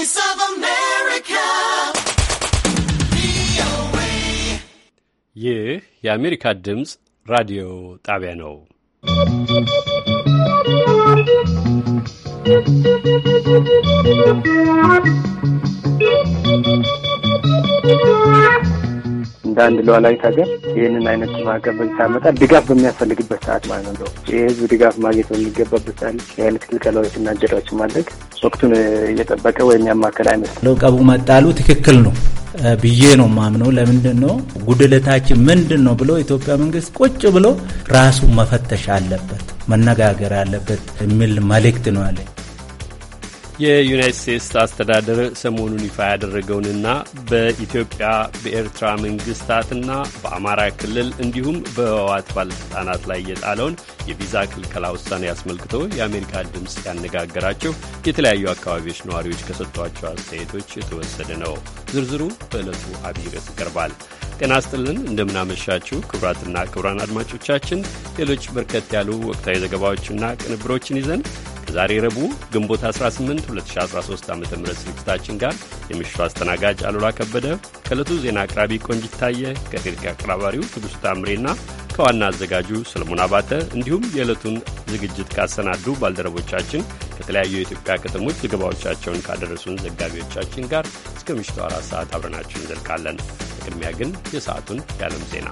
Voice of America. ይህ የአሜሪካ ድምፅ ራዲዮ ጣቢያ ነው። እንደ አንድ ሉዓላዊት ሀገር ይህንን አይነት ማዕቀብ ሳመጣ ድጋፍ በሚያስፈልግበት ሰዓት ማለት ነው የህዝብ ድጋፍ ማግኘት በሚገባበት ሰዓት የአይነት ክልከላዎችና እገዳዎችን ማድረግ ወቅቱን እየጠበቀ ወይም ያማከል አይመስልም። ለውቀቡ መጣሉ ትክክል ነው ብዬ ነው ማምነው። ለምንድን ነው ጉድለታችን ምንድን ነው ብሎ ኢትዮጵያ መንግስት ቁጭ ብሎ ራሱ መፈተሽ አለበት፣ መነጋገር አለበት የሚል መልእክት ነው ያለ የዩናይት ስቴትስ አስተዳደር ሰሞኑን ይፋ ያደረገውንና በኢትዮጵያ በኤርትራ መንግስታትና በአማራ ክልል እንዲሁም በህወሓት ባለሥልጣናት ላይ የጣለውን የቪዛ ክልከላ ውሳኔ አስመልክቶ የአሜሪካ ድምፅ ያነጋገራቸው የተለያዩ አካባቢዎች ነዋሪዎች ከሰጧቸው አስተያየቶች የተወሰደ ነው። ዝርዝሩ በዕለቱ አብይ ርዕስ ይቀርባል። ጤና ስጥልን እንደምናመሻችሁ ክቡራትና ክቡራን አድማጮቻችን ሌሎች በርከት ያሉ ወቅታዊ ዘገባዎችና ቅንብሮችን ይዘን ከዛሬ ረቡዕ ግንቦት 18 2013 ዓ ም ስርጭታችን ጋር የምሽቱ አስተናጋጅ አሉላ ከበደ ከእለቱ ዜና አቅራቢ ቆንጅታየ ከቴሌክ አቅራባሪው ቅዱስ ታምሬና ከዋና አዘጋጁ ሰለሞን አባተ እንዲሁም የዕለቱን ዝግጅት ካሰናዱ ባልደረቦቻችን ከተለያዩ የኢትዮጵያ ከተሞች ዘገባዎቻቸውን ካደረሱን ዘጋቢዎቻችን ጋር እስከ ምሽቱ አራት ሰዓት አብረናችሁ እንዘልቃለን። በቅድሚያ ግን የሰዓቱን የዓለም ዜና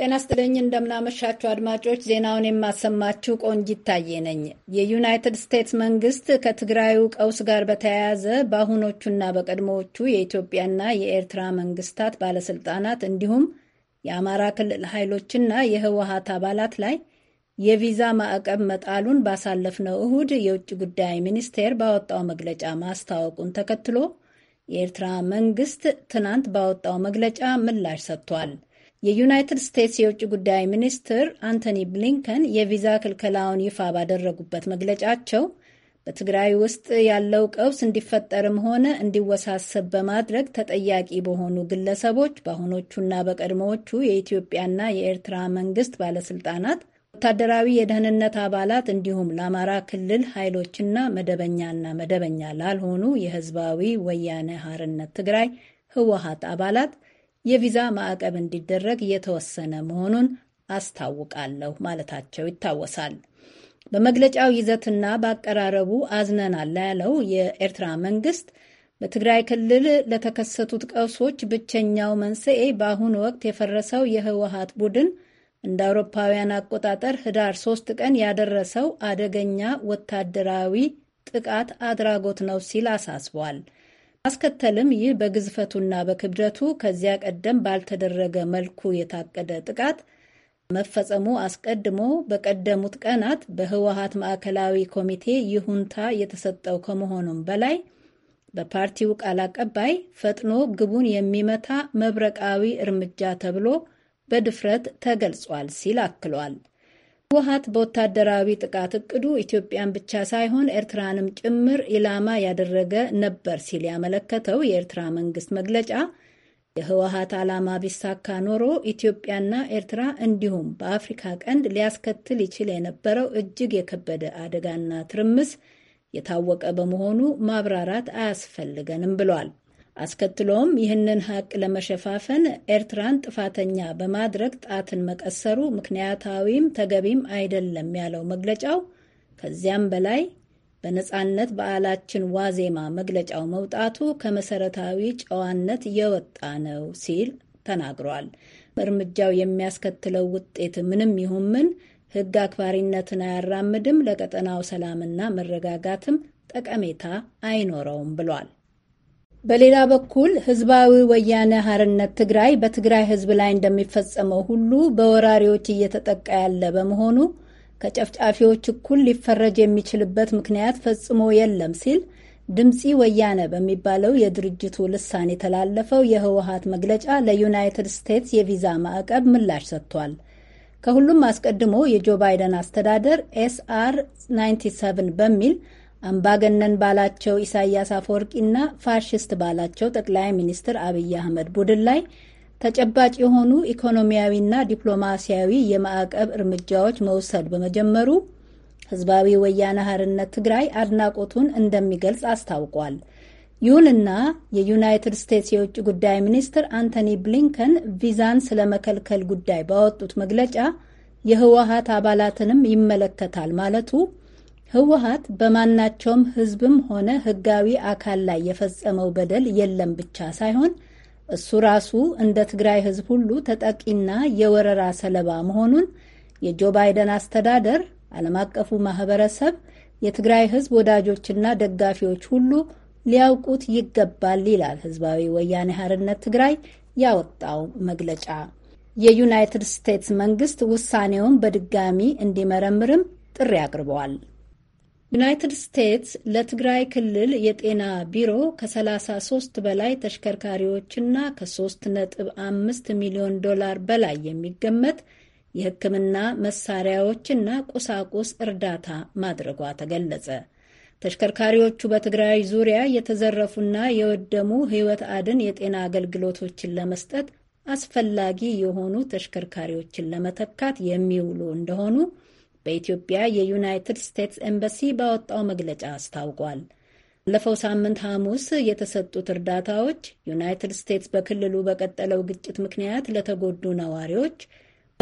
ጤና ስጥልኝ እንደምናመሻችሁ አድማጮች፣ ዜናውን የማሰማችሁ ቆንጂት ታዬ ነኝ። የዩናይትድ ስቴትስ መንግስት ከትግራዩ ቀውስ ጋር በተያያዘ በአሁኖቹና በቀድሞዎቹ የኢትዮጵያና የኤርትራ መንግስታት ባለስልጣናት እንዲሁም የአማራ ክልል ኃይሎችና የህወሀት አባላት ላይ የቪዛ ማዕቀብ መጣሉን ባሳለፍነው እሁድ የውጭ ጉዳይ ሚኒስቴር ባወጣው መግለጫ ማስታወቁን ተከትሎ የኤርትራ መንግስት ትናንት ባወጣው መግለጫ ምላሽ ሰጥቷል። የዩናይትድ ስቴትስ የውጭ ጉዳይ ሚኒስትር አንቶኒ ብሊንከን የቪዛ ክልከላውን ይፋ ባደረጉበት መግለጫቸው በትግራይ ውስጥ ያለው ቀውስ እንዲፈጠርም ሆነ እንዲወሳሰብ በማድረግ ተጠያቂ በሆኑ ግለሰቦች በአሁኖቹና በቀድሞዎቹ የኢትዮጵያና የኤርትራ መንግስት ባለስልጣናት፣ ወታደራዊ የደህንነት አባላት እንዲሁም ለአማራ ክልል ኃይሎችና መደበኛና መደበኛ ላልሆኑ የህዝባዊ ወያነ ሀርነት ትግራይ ህወሀት አባላት የቪዛ ማዕቀብ እንዲደረግ የተወሰነ መሆኑን አስታውቃለሁ ማለታቸው ይታወሳል። በመግለጫው ይዘትና በአቀራረቡ አዝነናል ያለው የኤርትራ መንግስት በትግራይ ክልል ለተከሰቱት ቀውሶች ብቸኛው መንስኤ በአሁኑ ወቅት የፈረሰው የህወሀት ቡድን እንደ አውሮፓውያን አቆጣጠር ህዳር ሶስት ቀን ያደረሰው አደገኛ ወታደራዊ ጥቃት አድራጎት ነው ሲል አሳስቧል። አስከተልም ይህ በግዝፈቱና በክብደቱ ከዚያ ቀደም ባልተደረገ መልኩ የታቀደ ጥቃት መፈጸሙ አስቀድሞ በቀደሙት ቀናት በህወሀት ማዕከላዊ ኮሚቴ ይሁንታ የተሰጠው ከመሆኑም በላይ በፓርቲው ቃል አቀባይ ፈጥኖ ግቡን የሚመታ መብረቃዊ እርምጃ ተብሎ በድፍረት ተገልጿል ሲል አክሏል። ህወሀት በወታደራዊ ጥቃት እቅዱ ኢትዮጵያን ብቻ ሳይሆን ኤርትራንም ጭምር ኢላማ ያደረገ ነበር ሲል ያመለከተው የኤርትራ መንግስት መግለጫ የህወሀት ዓላማ ቢሳካ ኖሮ ኢትዮጵያና ኤርትራ እንዲሁም በአፍሪካ ቀንድ ሊያስከትል ይችል የነበረው እጅግ የከበደ አደጋና ትርምስ የታወቀ በመሆኑ ማብራራት አያስፈልገንም ብሏል። አስከትሎም ይህንን ሀቅ ለመሸፋፈን ኤርትራን ጥፋተኛ በማድረግ ጣትን መቀሰሩ ምክንያታዊም ተገቢም አይደለም ያለው መግለጫው፣ ከዚያም በላይ በነጻነት በዓላችን ዋዜማ መግለጫው መውጣቱ ከመሰረታዊ ጨዋነት የወጣ ነው ሲል ተናግሯል። እርምጃው የሚያስከትለው ውጤት ምንም ይሁን ምን ሕግ አክባሪነትን አያራምድም፣ ለቀጠናው ሰላምና መረጋጋትም ጠቀሜታ አይኖረውም ብሏል። በሌላ በኩል ህዝባዊ ወያነ ሀርነት ትግራይ በትግራይ ህዝብ ላይ እንደሚፈጸመው ሁሉ በወራሪዎች እየተጠቃ ያለ በመሆኑ ከጨፍጫፊዎች እኩል ሊፈረጅ የሚችልበት ምክንያት ፈጽሞ የለም ሲል ድምፂ ወያነ በሚባለው የድርጅቱ ልሳን የተላለፈው የህወሀት መግለጫ ለዩናይትድ ስቴትስ የቪዛ ማዕቀብ ምላሽ ሰጥቷል። ከሁሉም አስቀድሞ የጆ ባይደን አስተዳደር ኤስአር 97 በሚል አምባገነን ባላቸው ኢሳያስ አፈወርቂና ፋሽስት ባላቸው ጠቅላይ ሚኒስትር አብይ አህመድ ቡድን ላይ ተጨባጭ የሆኑ ኢኮኖሚያዊና ዲፕሎማሲያዊ የማዕቀብ እርምጃዎች መውሰድ በመጀመሩ ህዝባዊ ወያነ ሓርነት ትግራይ አድናቆቱን እንደሚገልጽ አስታውቋል። ይሁንና የዩናይትድ ስቴትስ የውጭ ጉዳይ ሚኒስትር አንቶኒ ብሊንከን ቪዛን ስለመከልከል ጉዳይ ባወጡት መግለጫ የህወሀት አባላትንም ይመለከታል ማለቱ ህወሀት በማናቸውም ህዝብም ሆነ ህጋዊ አካል ላይ የፈጸመው በደል የለም ብቻ ሳይሆን እሱ ራሱ እንደ ትግራይ ህዝብ ሁሉ ተጠቂና የወረራ ሰለባ መሆኑን የጆ ባይደን አስተዳደር፣ ዓለም አቀፉ ማህበረሰብ፣ የትግራይ ህዝብ ወዳጆችና ደጋፊዎች ሁሉ ሊያውቁት ይገባል ይላል ህዝባዊ ወያኔ ሀርነት ትግራይ ያወጣው መግለጫ። የዩናይትድ ስቴትስ መንግስት ውሳኔውን በድጋሚ እንዲመረምርም ጥሪ አቅርበዋል። ዩናይትድ ስቴትስ ለትግራይ ክልል የጤና ቢሮ ከ33 በላይ ተሽከርካሪዎችና ከ3.5 ሚሊዮን ዶላር በላይ የሚገመት የሕክምና መሳሪያዎችና ቁሳቁስ እርዳታ ማድረጓ ተገለጸ። ተሽከርካሪዎቹ በትግራይ ዙሪያ የተዘረፉና የወደሙ ሕይወት አድን የጤና አገልግሎቶችን ለመስጠት አስፈላጊ የሆኑ ተሽከርካሪዎችን ለመተካት የሚውሉ እንደሆኑ በኢትዮጵያ የዩናይትድ ስቴትስ ኤምባሲ ባወጣው መግለጫ አስታውቋል። ባለፈው ሳምንት ሐሙስ የተሰጡት እርዳታዎች ዩናይትድ ስቴትስ በክልሉ በቀጠለው ግጭት ምክንያት ለተጎዱ ነዋሪዎች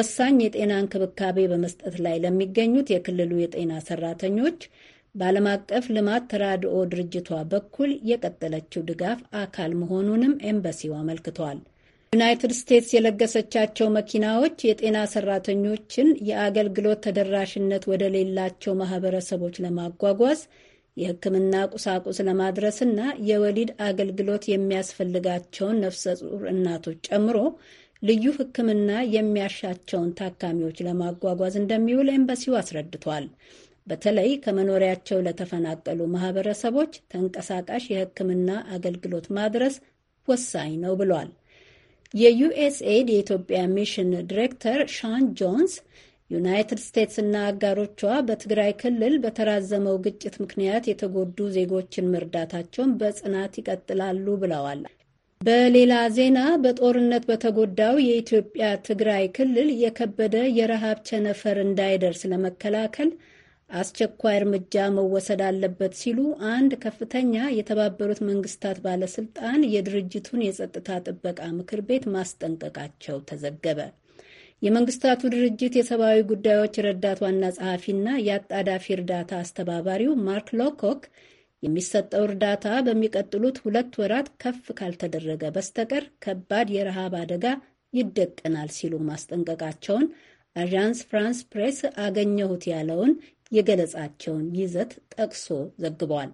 ወሳኝ የጤና እንክብካቤ በመስጠት ላይ ለሚገኙት የክልሉ የጤና ሰራተኞች በዓለም አቀፍ ልማት ተራድኦ ድርጅቷ በኩል የቀጠለችው ድጋፍ አካል መሆኑንም ኤምባሲው አመልክቷል። ዩናይትድ ስቴትስ የለገሰቻቸው መኪናዎች የጤና ሰራተኞችን የአገልግሎት ተደራሽነት ወደሌላቸው ማህበረሰቦች ለማጓጓዝ የሕክምና ቁሳቁስ ለማድረስና የወሊድ አገልግሎት የሚያስፈልጋቸውን ነፍሰ ጡር እናቶች ጨምሮ ልዩ ሕክምና የሚያሻቸውን ታካሚዎች ለማጓጓዝ እንደሚውል ኤምባሲው አስረድቷል። በተለይ ከመኖሪያቸው ለተፈናቀሉ ማህበረሰቦች ተንቀሳቃሽ የሕክምና አገልግሎት ማድረስ ወሳኝ ነው ብሏል። የዩኤስኤድ የኢትዮጵያ ሚሽን ዲሬክተር ሻን ጆንስ ዩናይትድ እና አጋሮቿ በትግራይ ክልል በተራዘመው ግጭት ምክንያት የተጎዱ ዜጎችን መርዳታቸውን በጽናት ይቀጥላሉ ብለዋል። በሌላ ዜና በጦርነት በተጎዳው የኢትዮጵያ ትግራይ ክልል የከበደ የረሃብ ቸነፈር እንዳይደርስ ለመከላከል አስቸኳይ እርምጃ መወሰድ አለበት ሲሉ አንድ ከፍተኛ የተባበሩት መንግስታት ባለስልጣን የድርጅቱን የጸጥታ ጥበቃ ምክር ቤት ማስጠንቀቃቸው ተዘገበ። የመንግስታቱ ድርጅት የሰብአዊ ጉዳዮች ረዳት ዋና ጸሐፊና የአጣዳፊ እርዳታ አስተባባሪው ማርክ ሎኮክ የሚሰጠው እርዳታ በሚቀጥሉት ሁለት ወራት ከፍ ካልተደረገ በስተቀር ከባድ የረሃብ አደጋ ይደቀናል ሲሉ ማስጠንቀቃቸውን አዣንስ ፍራንስ ፕሬስ አገኘሁት ያለውን የገለጻቸውን ይዘት ጠቅሶ ዘግቧል።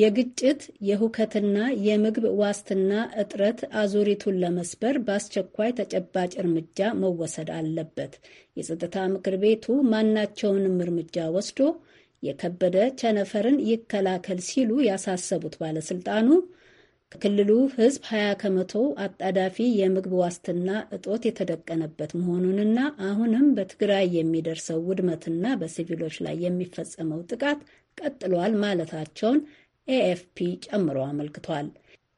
የግጭት የሁከትና የምግብ ዋስትና እጥረት አዙሪቱን ለመስበር በአስቸኳይ ተጨባጭ እርምጃ መወሰድ አለበት። የጸጥታ ምክር ቤቱ ማናቸውንም እርምጃ ወስዶ የከበደ ቸነፈርን ይከላከል ሲሉ ያሳሰቡት ባለስልጣኑ ከክልሉ ህዝብ 20 ከመቶ አጣዳፊ የምግብ ዋስትና እጦት የተደቀነበት መሆኑንና አሁንም በትግራይ የሚደርሰው ውድመትና በሲቪሎች ላይ የሚፈጸመው ጥቃት ቀጥሏል ማለታቸውን ኤኤፍፒ ጨምሮ አመልክቷል።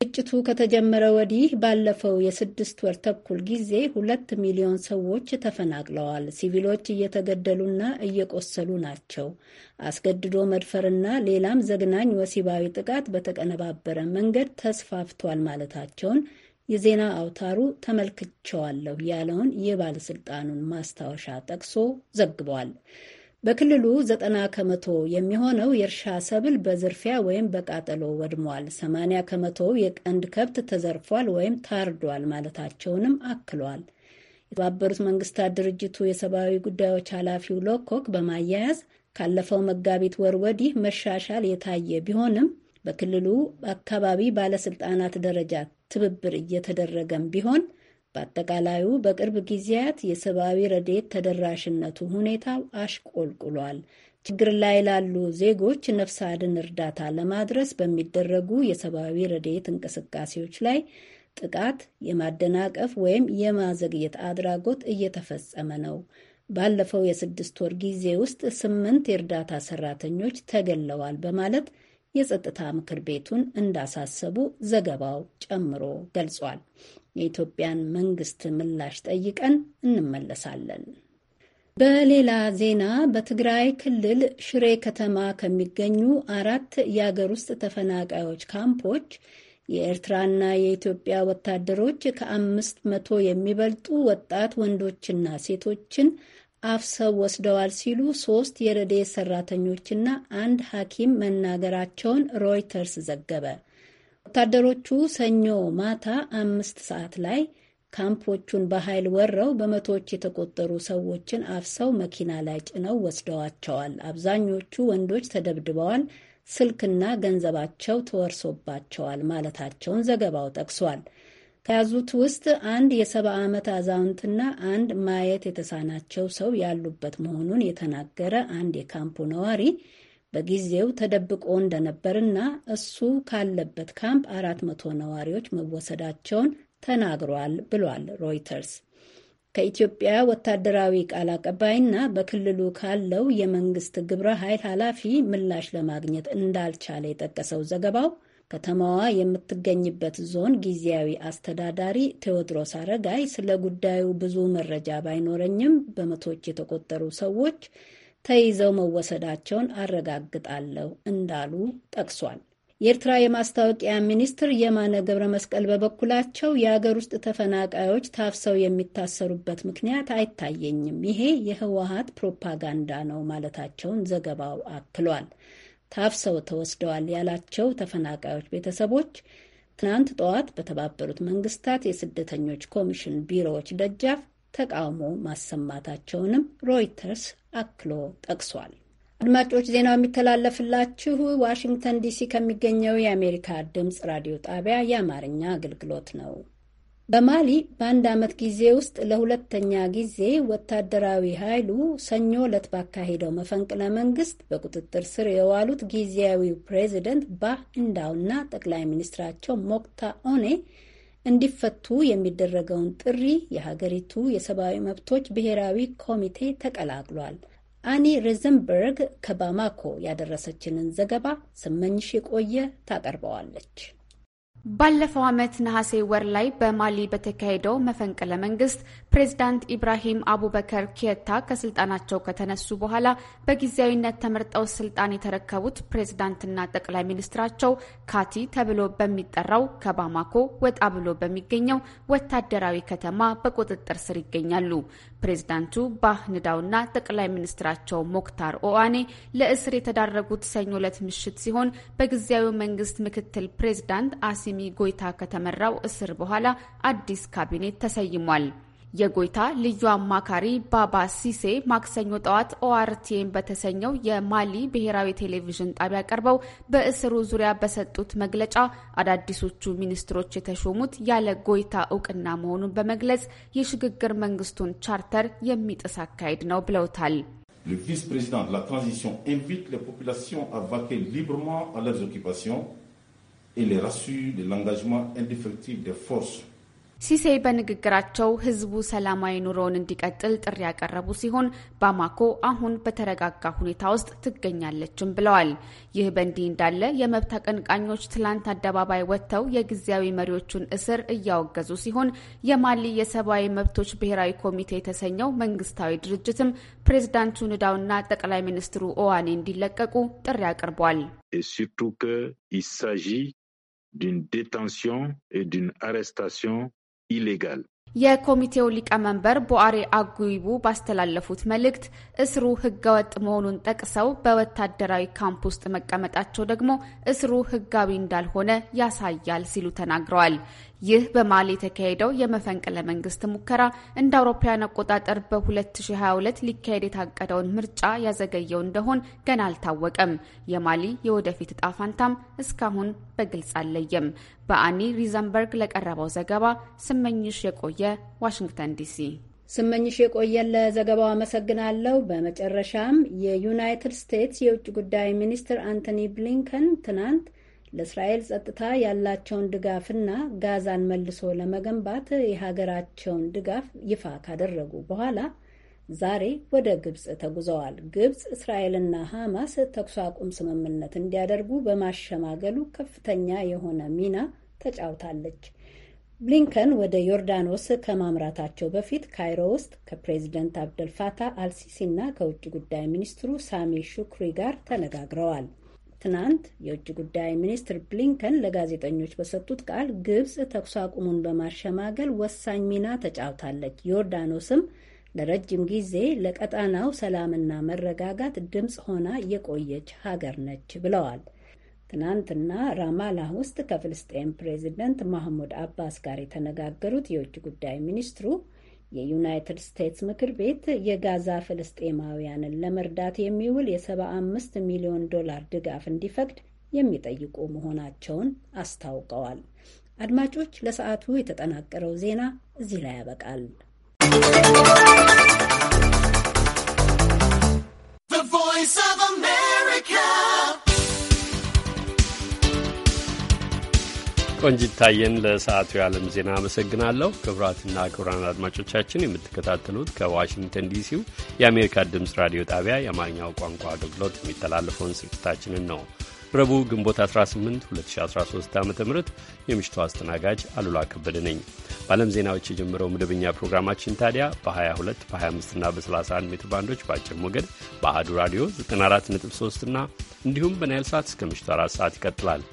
ግጭቱ ከተጀመረ ወዲህ ባለፈው የስድስት ወር ተኩል ጊዜ ሁለት ሚሊዮን ሰዎች ተፈናቅለዋል። ሲቪሎች እየተገደሉና እየቆሰሉ ናቸው። አስገድዶ መድፈርና ሌላም ዘግናኝ ወሲባዊ ጥቃት በተቀነባበረ መንገድ ተስፋፍቷል ማለታቸውን የዜና አውታሩ ተመልክቸዋለሁ ያለውን የባለስልጣኑን ማስታወሻ ጠቅሶ ዘግቧል። በክልሉ ዘጠና ከመቶ የሚሆነው የእርሻ ሰብል በዝርፊያ ወይም በቃጠሎ ወድሟል፣ ሰማንያ ከመቶው የቀንድ ከብት ተዘርፏል ወይም ታርዷል ማለታቸውንም አክሏል። የተባበሩት መንግስታት ድርጅቱ የሰብአዊ ጉዳዮች ኃላፊው ሎኮክ በማያያዝ ካለፈው መጋቢት ወር ወዲህ መሻሻል የታየ ቢሆንም በክልሉ አካባቢ ባለስልጣናት ደረጃ ትብብር እየተደረገም ቢሆን በአጠቃላዩ በቅርብ ጊዜያት የሰብአዊ ረድኤት ተደራሽነቱ ሁኔታው አሽቆልቁሏል። ችግር ላይ ላሉ ዜጎች ነፍስ አድን እርዳታ ለማድረስ በሚደረጉ የሰብአዊ ረድኤት እንቅስቃሴዎች ላይ ጥቃት፣ የማደናቀፍ ወይም የማዘግየት አድራጎት እየተፈጸመ ነው። ባለፈው የስድስት ወር ጊዜ ውስጥ ስምንት የእርዳታ ሰራተኞች ተገለዋል በማለት የጸጥታ ምክር ቤቱን እንዳሳሰቡ ዘገባው ጨምሮ ገልጿል። የኢትዮጵያን መንግስት ምላሽ ጠይቀን እንመለሳለን። በሌላ ዜና በትግራይ ክልል ሽሬ ከተማ ከሚገኙ አራት የአገር ውስጥ ተፈናቃዮች ካምፖች የኤርትራና የኢትዮጵያ ወታደሮች ከአምስት መቶ የሚበልጡ ወጣት ወንዶችና ሴቶችን አፍሰው ወስደዋል ሲሉ ሶስት የረዴ ሰራተኞችና አንድ ሐኪም መናገራቸውን ሮይተርስ ዘገበ። ወታደሮቹ ሰኞ ማታ አምስት ሰዓት ላይ ካምፖቹን በኃይል ወረው በመቶዎች የተቆጠሩ ሰዎችን አፍሰው መኪና ላይ ጭነው ወስደዋቸዋል። አብዛኞቹ ወንዶች ተደብድበዋል፣ ስልክና ገንዘባቸው ተወርሶባቸዋል ማለታቸውን ዘገባው ጠቅሷል። ከያዙት ውስጥ አንድ የሰባ ዓመት አዛውንትና አንድ ማየት የተሳናቸው ሰው ያሉበት መሆኑን የተናገረ አንድ የካምፑ ነዋሪ በጊዜው ተደብቆ እንደነበርና እሱ ካለበት ካምፕ አራት መቶ ነዋሪዎች መወሰዳቸውን ተናግሯል ብሏል ሮይተርስ። ከኢትዮጵያ ወታደራዊ ቃል አቀባይና በክልሉ ካለው የመንግስት ግብረ ኃይል ኃላፊ ምላሽ ለማግኘት እንዳልቻለ የጠቀሰው ዘገባው ከተማዋ የምትገኝበት ዞን ጊዜያዊ አስተዳዳሪ ቴዎድሮስ አረጋይ ስለ ጉዳዩ ብዙ መረጃ ባይኖረኝም በመቶች የተቆጠሩ ሰዎች ተይዘው መወሰዳቸውን አረጋግጣለሁ እንዳሉ ጠቅሷል። የኤርትራ የማስታወቂያ ሚኒስትር የማነ ገብረ መስቀል በበኩላቸው የአገር ውስጥ ተፈናቃዮች ታፍሰው የሚታሰሩበት ምክንያት አይታየኝም፣ ይሄ የህወሀት ፕሮፓጋንዳ ነው ማለታቸውን ዘገባው አክሏል። ታፍሰው ተወስደዋል ያላቸው ተፈናቃዮች ቤተሰቦች ትናንት ጠዋት በተባበሩት መንግስታት የስደተኞች ኮሚሽን ቢሮዎች ደጃፍ ተቃውሞ ማሰማታቸውንም ሮይተርስ አክሎ ጠቅሷል። አድማጮች ዜናው የሚተላለፍላችሁ ዋሽንግተን ዲሲ ከሚገኘው የአሜሪካ ድምፅ ራዲዮ ጣቢያ የአማርኛ አገልግሎት ነው። በማሊ በአንድ ዓመት ጊዜ ውስጥ ለሁለተኛ ጊዜ ወታደራዊ ኃይሉ ሰኞ ዕለት ባካሄደው መፈንቅለ መንግስት በቁጥጥር ስር የዋሉት ጊዜያዊው ፕሬዚደንት ባህ እንዳውና ጠቅላይ ሚኒስትራቸው ሞክታ ኦኔ እንዲፈቱ የሚደረገውን ጥሪ የሀገሪቱ የሰብአዊ መብቶች ብሔራዊ ኮሚቴ ተቀላቅሏል። አኒ ሬዘንበርግ ከባማኮ ያደረሰችንን ዘገባ ስመኝሽ የቆየ ታቀርበዋለች። ባለፈው ዓመት ነሐሴ ወር ላይ በማሊ በተካሄደው መፈንቅለ መንግስት ፕሬዝዳንት ኢብራሂም አቡበከር ኪየታ ከስልጣናቸው ከተነሱ በኋላ በጊዜያዊነት ተመርጠው ስልጣን የተረከቡት ፕሬዝዳንትና ጠቅላይ ሚኒስትራቸው ካቲ ተብሎ በሚጠራው ከባማኮ ወጣ ብሎ በሚገኘው ወታደራዊ ከተማ በቁጥጥር ስር ይገኛሉ። ፕሬዚዳንቱ ባህ ንዳውና ጠቅላይ ሚኒስትራቸው ሞክታር ኦዋኔ ለእስር የተዳረጉት ሰኞ ዕለት ምሽት ሲሆን በጊዜያዊው መንግስት ምክትል ፕሬዝዳንት አሲሚ ጎይታ ከተመራው እስር በኋላ አዲስ ካቢኔት ተሰይሟል። የጎይታ ልዩ አማካሪ ባባ ሲሴ ማክሰኞ ጠዋት ኦአርቲኤም በተሰኘው የማሊ ብሔራዊ ቴሌቪዥን ጣቢያ ቀርበው በእስሩ ዙሪያ በሰጡት መግለጫ አዳዲሶቹ ሚኒስትሮች የተሾሙት ያለ ጎይታ እውቅና መሆኑን በመግለጽ የሽግግር መንግስቱን ቻርተር የሚጥስ አካሄድ ነው ብለውታል። Le vice-président de la transition invite les populations à vaquer librement à leurs occupations et les rassure de l'engagement indéfectible des forces ሲሴ በንግግራቸው ህዝቡ ሰላማዊ ኑሮውን እንዲቀጥል ጥሪ ያቀረቡ ሲሆን ባማኮ አሁን በተረጋጋ ሁኔታ ውስጥ ትገኛለችም ብለዋል። ይህ በእንዲህ እንዳለ የመብት አቀንቃኞች ትላንት አደባባይ ወጥተው የጊዜያዊ መሪዎቹን እስር እያወገዙ ሲሆን የማሊ የሰብአዊ መብቶች ብሔራዊ ኮሚቴ የተሰኘው መንግስታዊ ድርጅትም ፕሬዚዳንቱ ንዳውና ጠቅላይ ሚኒስትሩ ኦዋኔ እንዲለቀቁ ጥሪ አቅርቧል። ሱርቱ ክ ዲን ዴታንሲዮን ዲን አሬስታሲዮን ኢሌጋል የኮሚቴው ሊቀመንበር ቦአሬ አጉይቡ ባስተላለፉት መልእክት እስሩ ህገወጥ መሆኑን ጠቅሰው በወታደራዊ ካምፕ ውስጥ መቀመጣቸው ደግሞ እስሩ ህጋዊ እንዳልሆነ ያሳያል ሲሉ ተናግረዋል። ይህ በማሊ የተካሄደው የመፈንቅለ መንግስት ሙከራ እንደ አውሮፓውያን አቆጣጠር በ2022 ሊካሄድ የታቀደውን ምርጫ ያዘገየው እንደሆን ገና አልታወቀም። የማሊ የወደፊት እጣ ፋንታም እስካሁን በግልጽ አልለየም። በአኒ ሪዘንበርግ ለቀረበው ዘገባ ስመኝሽ የቆየ ዋሽንግተን ዲሲ። ስመኝሽ የቆየን ለዘገባው አመሰግናለሁ። በመጨረሻም የዩናይትድ ስቴትስ የውጭ ጉዳይ ሚኒስትር አንቶኒ ብሊንከን ትናንት ለእስራኤል ጸጥታ ያላቸውን ድጋፍና ጋዛን መልሶ ለመገንባት የሀገራቸውን ድጋፍ ይፋ ካደረጉ በኋላ ዛሬ ወደ ግብፅ ተጉዘዋል። ግብፅ እስራኤልና ሐማስ ተኩስ አቁም ስምምነት እንዲያደርጉ በማሸማገሉ ከፍተኛ የሆነ ሚና ተጫውታለች። ብሊንከን ወደ ዮርዳኖስ ከማምራታቸው በፊት ካይሮ ውስጥ ከፕሬዚደንት አብደልፋታ አልሲሲና ከውጭ ጉዳይ ሚኒስትሩ ሳሚ ሹክሪ ጋር ተነጋግረዋል። ትናንት የውጭ ጉዳይ ሚኒስትር ብሊንከን ለጋዜጠኞች በሰጡት ቃል ግብፅ ተኩስ አቁሙን በማሸማገል ወሳኝ ሚና ተጫውታለች፣ ዮርዳኖስም ለረጅም ጊዜ ለቀጣናው ሰላምና መረጋጋት ድምፅ ሆና የቆየች ሀገር ነች ብለዋል። ትናንትና ራማላ ውስጥ ከፍልስጤን ፕሬዚደንት ማህሙድ አባስ ጋር የተነጋገሩት የውጭ ጉዳይ ሚኒስትሩ የዩናይትድ ስቴትስ ምክር ቤት የጋዛ ፍልስጤማውያንን ለመርዳት የሚውል የ75 ሚሊዮን ዶላር ድጋፍ እንዲፈቅድ የሚጠይቁ መሆናቸውን አስታውቀዋል። አድማጮች፣ ለሰዓቱ የተጠናቀረው ዜና እዚህ ላይ ያበቃል። ቮይስ ኦፍ አሜሪካ ቆንጅታየን ለሰዓቱ የዓለም ዜና አመሰግናለሁ። ክቡራትና ክቡራን አድማጮቻችን የምትከታተሉት ከዋሽንግተን ዲሲው የአሜሪካ ድምፅ ራዲዮ ጣቢያ የአማርኛው ቋንቋ አገልግሎት የሚተላለፈውን ስርጭታችንን ነው። ረቡዕ ግንቦት 18 2013 ዓ ም የምሽቱ አስተናጋጅ አሉላ ከበደ ነኝ። በዓለም ዜናዎች የጀመረው መደበኛ ፕሮግራማችን ታዲያ በ22 በ25 እና በ31 ሜትር ባንዶች በአጭር ሞገድ በአህዱ ራዲዮ 943 እና እንዲሁም በናይል ሰዓት እስከ ምሽቱ 4 ሰዓት ይቀጥላል።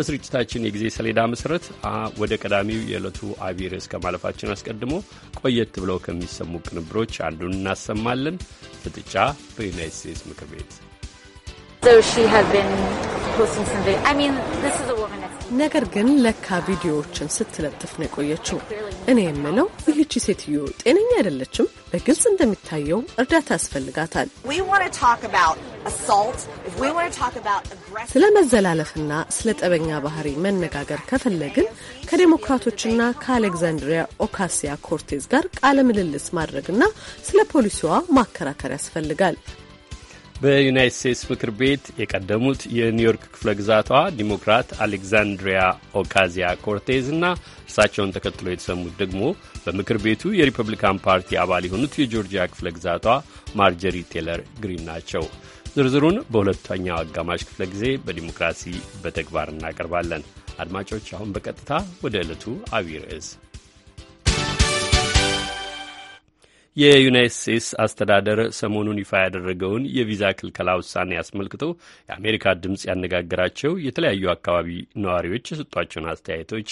በስርጭታችን የጊዜ ሰሌዳ መሰረት ወደ ቀዳሚው የዕለቱ አብይ ርዕስ ከማለፋችን አስቀድሞ ቆየት ብለው ከሚሰሙ ቅንብሮች አንዱን እናሰማለን። ፍጥጫ በዩናይት ስቴትስ ምክር ቤት ነገር ግን ለካ ቪዲዮዎችን ስትለጥፍ ነው የቆየችው። እኔ የምለው ይህቺ ሴትዮ ጤነኛ አይደለችም። በግልጽ እንደሚታየው እርዳታ ያስፈልጋታል። ስለ መዘላለፍና ስለ ጠበኛ ባህሪ መነጋገር ከፈለግን ከዴሞክራቶችና ከአሌግዛንድሪያ ኦካሲያ ኮርቴዝ ጋር ቃለ ምልልስ ማድረግና ስለ ፖሊሲዋ ማከራከር ያስፈልጋል። በዩናይት ስቴትስ ምክር ቤት የቀደሙት የኒውዮርክ ክፍለ ግዛቷ ዲሞክራት አሌክዛንድሪያ ኦካዚያ ኮርቴዝ እና እርሳቸውን ተከትሎ የተሰሙት ደግሞ በምክር ቤቱ የሪፐብሊካን ፓርቲ አባል የሆኑት የጆርጂያ ክፍለ ግዛቷ ማርጀሪ ቴለር ግሪን ናቸው። ዝርዝሩን በሁለተኛው አጋማሽ ክፍለ ጊዜ በዲሞክራሲ በተግባር እናቀርባለን። አድማጮች፣ አሁን በቀጥታ ወደ ዕለቱ አብይ ርዕስ የዩናይት ስቴትስ አስተዳደር ሰሞኑን ይፋ ያደረገውን የቪዛ ክልከላ ውሳኔ አስመልክቶ የአሜሪካ ድምፅ ያነጋገራቸው የተለያዩ አካባቢ ነዋሪዎች የሰጧቸውን አስተያየቶች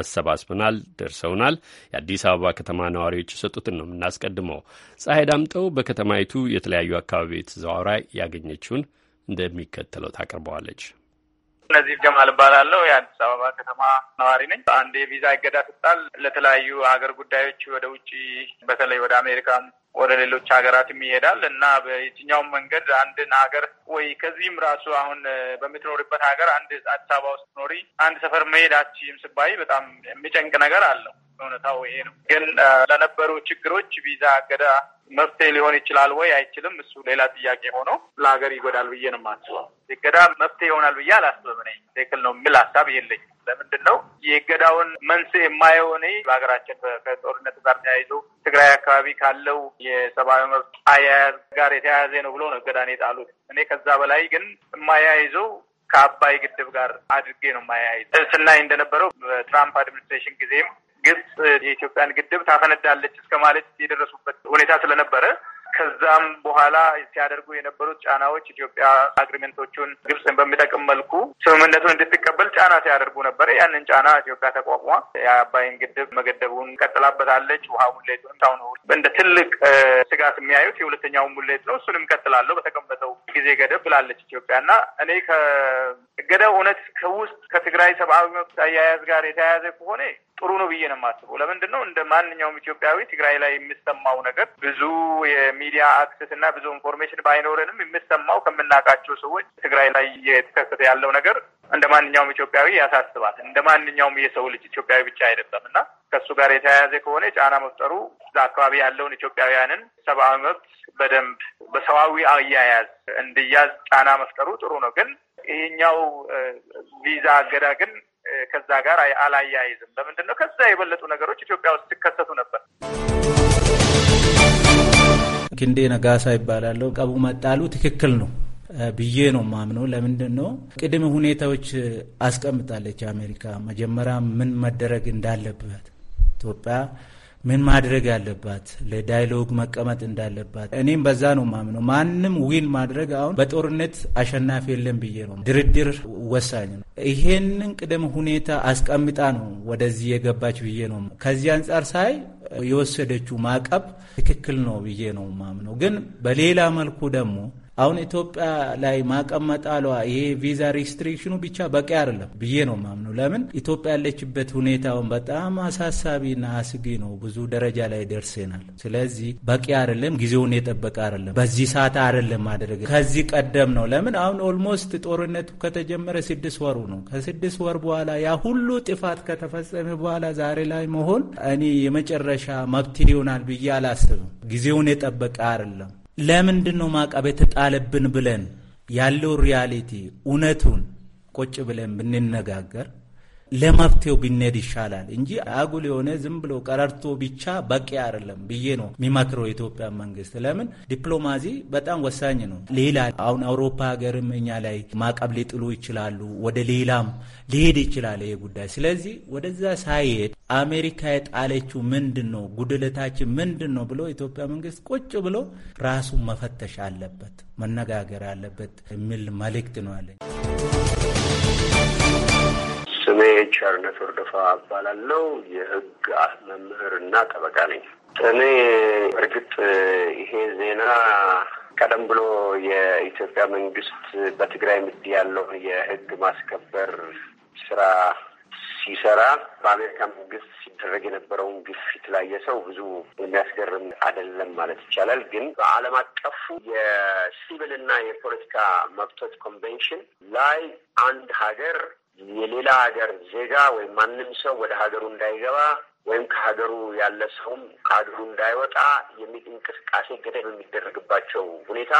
አሰባስበናል፣ ደርሰውናል። የአዲስ አበባ ከተማ ነዋሪዎች የሰጡትን ነው የምናስቀድመው። ፀሐይ ዳምጠው በከተማይቱ የተለያዩ አካባቢ ተዘዋውራ ያገኘችውን እንደሚከተለው ታቀርበዋለች። እነዚህ ጀማል እባላለሁ። የአዲስ አበባ ከተማ ነዋሪ ነኝ። አንድ የቪዛ እገዳ ስጣል ለተለያዩ ሀገር ጉዳዮች ወደ ውጭ በተለይ ወደ አሜሪካም ወደ ሌሎች ሀገራትም ይሄዳል እና በየትኛውም መንገድ አንድን ሀገር ወይ ከዚህም ራሱ አሁን በምትኖርበት ሀገር አንድ አዲስ አበባ ውስጥ ኖሪ አንድ ሰፈር መሄድ አችም ስባይ በጣም የሚጨንቅ ነገር አለው። እውነታው ይሄ ነው። ግን ለነበሩ ችግሮች ቪዛ እገዳ መፍትሄ ሊሆን ይችላል ወይ አይችልም፣ እሱ ሌላ ጥያቄ ሆኖ ለሀገር ይጎዳል ብዬ ነው የማስበው። እገዳ መፍትሄ ይሆናል ብዬ አላስብም። እኔ ትክክል ነው የሚል ሀሳብ የለኝም። ለምንድን ነው የእገዳውን መንስኤ የማየው? በሀገራችን ከጦርነት ጋር ተያይዞ ትግራይ አካባቢ ካለው የሰብአዊ መብት አያያዝ ጋር የተያያዘ ነው ብሎ ነው እገዳን የጣሉት። እኔ ከዛ በላይ ግን የማያይዘው ከአባይ ግድብ ጋር አድርጌ ነው የማያይዘው። ስናይ እንደነበረው በትራምፕ አድሚኒስትሬሽን ጊዜም ግብጽ የኢትዮጵያን ግድብ ታፈነዳለች እስከ ማለት የደረሱበት ሁኔታ ስለነበረ ከዛም በኋላ ሲያደርጉ የነበሩት ጫናዎች ኢትዮጵያ አግሪሜንቶቹን ግብጽን በሚጠቅም መልኩ ስምምነቱን እንድትቀበል ጫና ሲያደርጉ ነበረ። ያንን ጫና ኢትዮጵያ ተቋቁማ የአባይን ግድብ መገደቡን ቀጥላበታለች። ውሃ ሙሌቱን ታሁን እንደ ትልቅ ስጋት የሚያዩት የሁለተኛው ሙሌት ነው። እሱንም ቀጥላለሁ በተቀመጠው ጊዜ ገደብ ብላለች ኢትዮጵያ እና እኔ ከእገዳው እውነት ከውስጥ ከትግራይ ሰብአዊ መብት አያያዝ ጋር የተያያዘ ከሆነ ጥሩ ነው ብዬ ነው የማስበው። ለምንድን ነው እንደ ማንኛውም ኢትዮጵያዊ ትግራይ ላይ የሚሰማው ነገር ብዙ የሚዲያ አክሰስ እና ብዙ ኢንፎርሜሽን ባይኖረንም የሚሰማው ከምናውቃቸው ሰዎች ትግራይ ላይ እየተከሰተ ያለው ነገር እንደ ማንኛውም ኢትዮጵያዊ ያሳስባል። እንደ ማንኛውም የሰው ልጅ ኢትዮጵያዊ ብቻ አይደለም እና ከእሱ ጋር የተያያዘ ከሆነ ጫና መፍጠሩ እዛ አካባቢ ያለውን ኢትዮጵያውያንን ሰብአዊ መብት በደንብ በሰብአዊ አያያዝ እንዲያዝ ጫና መፍጠሩ ጥሩ ነው። ግን ይህኛው ቪዛ አገዳ ግን ከዛ ጋር አላያይዝም። ለምንድን ነው ከዛ የበለጡ ነገሮች ኢትዮጵያ ውስጥ ሲከሰቱ ነበር። ክንዴ ነጋሳ ይባላለሁ። ቀቡ መጣሉ ትክክል ነው ብዬ ነው ማምነው። ለምንድን ነው ቅድመ ሁኔታዎች አስቀምጣለች አሜሪካ። መጀመሪያ ምን መደረግ እንዳለበት ኢትዮጵያ ምን ማድረግ ያለባት ለዳይሎግ መቀመጥ እንዳለባት እኔም በዛ ነው ማምነው። ማንም ዊን ማድረግ አሁን በጦርነት አሸናፊ የለም ብዬ ነው። ድርድር ወሳኝ ነው። ይሄንን ቅደም ሁኔታ አስቀምጣ ነው ወደዚህ የገባች ብዬ ነው። ከዚህ አንጻር ሳይ የወሰደችው ማዕቀብ ትክክል ነው ብዬ ነው ማምነው። ግን በሌላ መልኩ ደግሞ አሁን ኢትዮጵያ ላይ ማዕቀብ መጣሏ ይሄ ቪዛ ሪስትሪክሽኑ ብቻ በቂ አይደለም ብዬ ነው ማምነው። ለምን ኢትዮጵያ ያለችበት ሁኔታውን በጣም አሳሳቢና አስጊ ነው። ብዙ ደረጃ ላይ ደርሰናል። ስለዚህ በቂ አይደለም፣ ጊዜውን የጠበቀ አይደለም፣ በዚህ ሰዓት አይደለም ማድረግ ከዚህ ቀደም ነው። ለምን አሁን ኦልሞስት ጦርነቱ ከተጀመረ ስድስት ወሩ ነው። ከስድስት ወር በኋላ ያ ሁሉ ጥፋት ከተፈጸመ በኋላ ዛሬ ላይ መሆን እኔ የመጨረሻ መብት ይሆናል ብዬ አላስብም። ጊዜውን የጠበቀ አይደለም። ለምንድን ነው ማዕቀብ የተጣለብን ብለን ያለው ሪያሊቲ እውነቱን ቁጭ ብለን ብንነጋገር ለመፍትሄው ብንሄድ ይሻላል እንጂ አጉል የሆነ ዝም ብሎ ቀረርቶ ብቻ በቂ አይደለም ብዬ ነው የሚመክረው የኢትዮጵያ መንግስት። ለምን ዲፕሎማሲ በጣም ወሳኝ ነው። ሌላ አሁን አውሮፓ ሀገርም እኛ ላይ ማዕቀብ ሊጥሉ ይችላሉ። ወደ ሌላም ሊሄድ ይችላል ይሄ ጉዳይ። ስለዚህ ወደዛ ሳይሄድ አሜሪካ የጣለችው ምንድን ነው ጉድለታችን ምንድን ነው ብሎ ኢትዮጵያ መንግስት ቁጭ ብሎ ራሱን መፈተሽ አለበት፣ መነጋገር አለበት የሚል መልእክት ነው ያለኝ። ቸርነት ወርደፋ እባላለሁ። የህግ እና ጠበቃ ነኝ። እኔ እርግጥ ይሄ ዜና ቀደም ብሎ የኢትዮጵያ መንግስት በትግራይ ምድ ያለውን የህግ ማስከበር ስራ ሲሰራ በአሜሪካ መንግስት ሲደረግ የነበረውን ግፊት ላይ የሰው ብዙ የሚያስገርም አይደለም ማለት ይቻላል። ግን በዓለም አቀፉ የሲቪልና የፖለቲካ መብቶች ኮንቬንሽን ላይ አንድ ሀገር የሌላ ሀገር ዜጋ ወይም ማንም ሰው ወደ ሀገሩ እንዳይገባ ወይም ከሀገሩ ያለ ሰውም ከሀገሩ እንዳይወጣ እንቅስቃሴ ገደብ የሚደረግባቸው ሁኔታ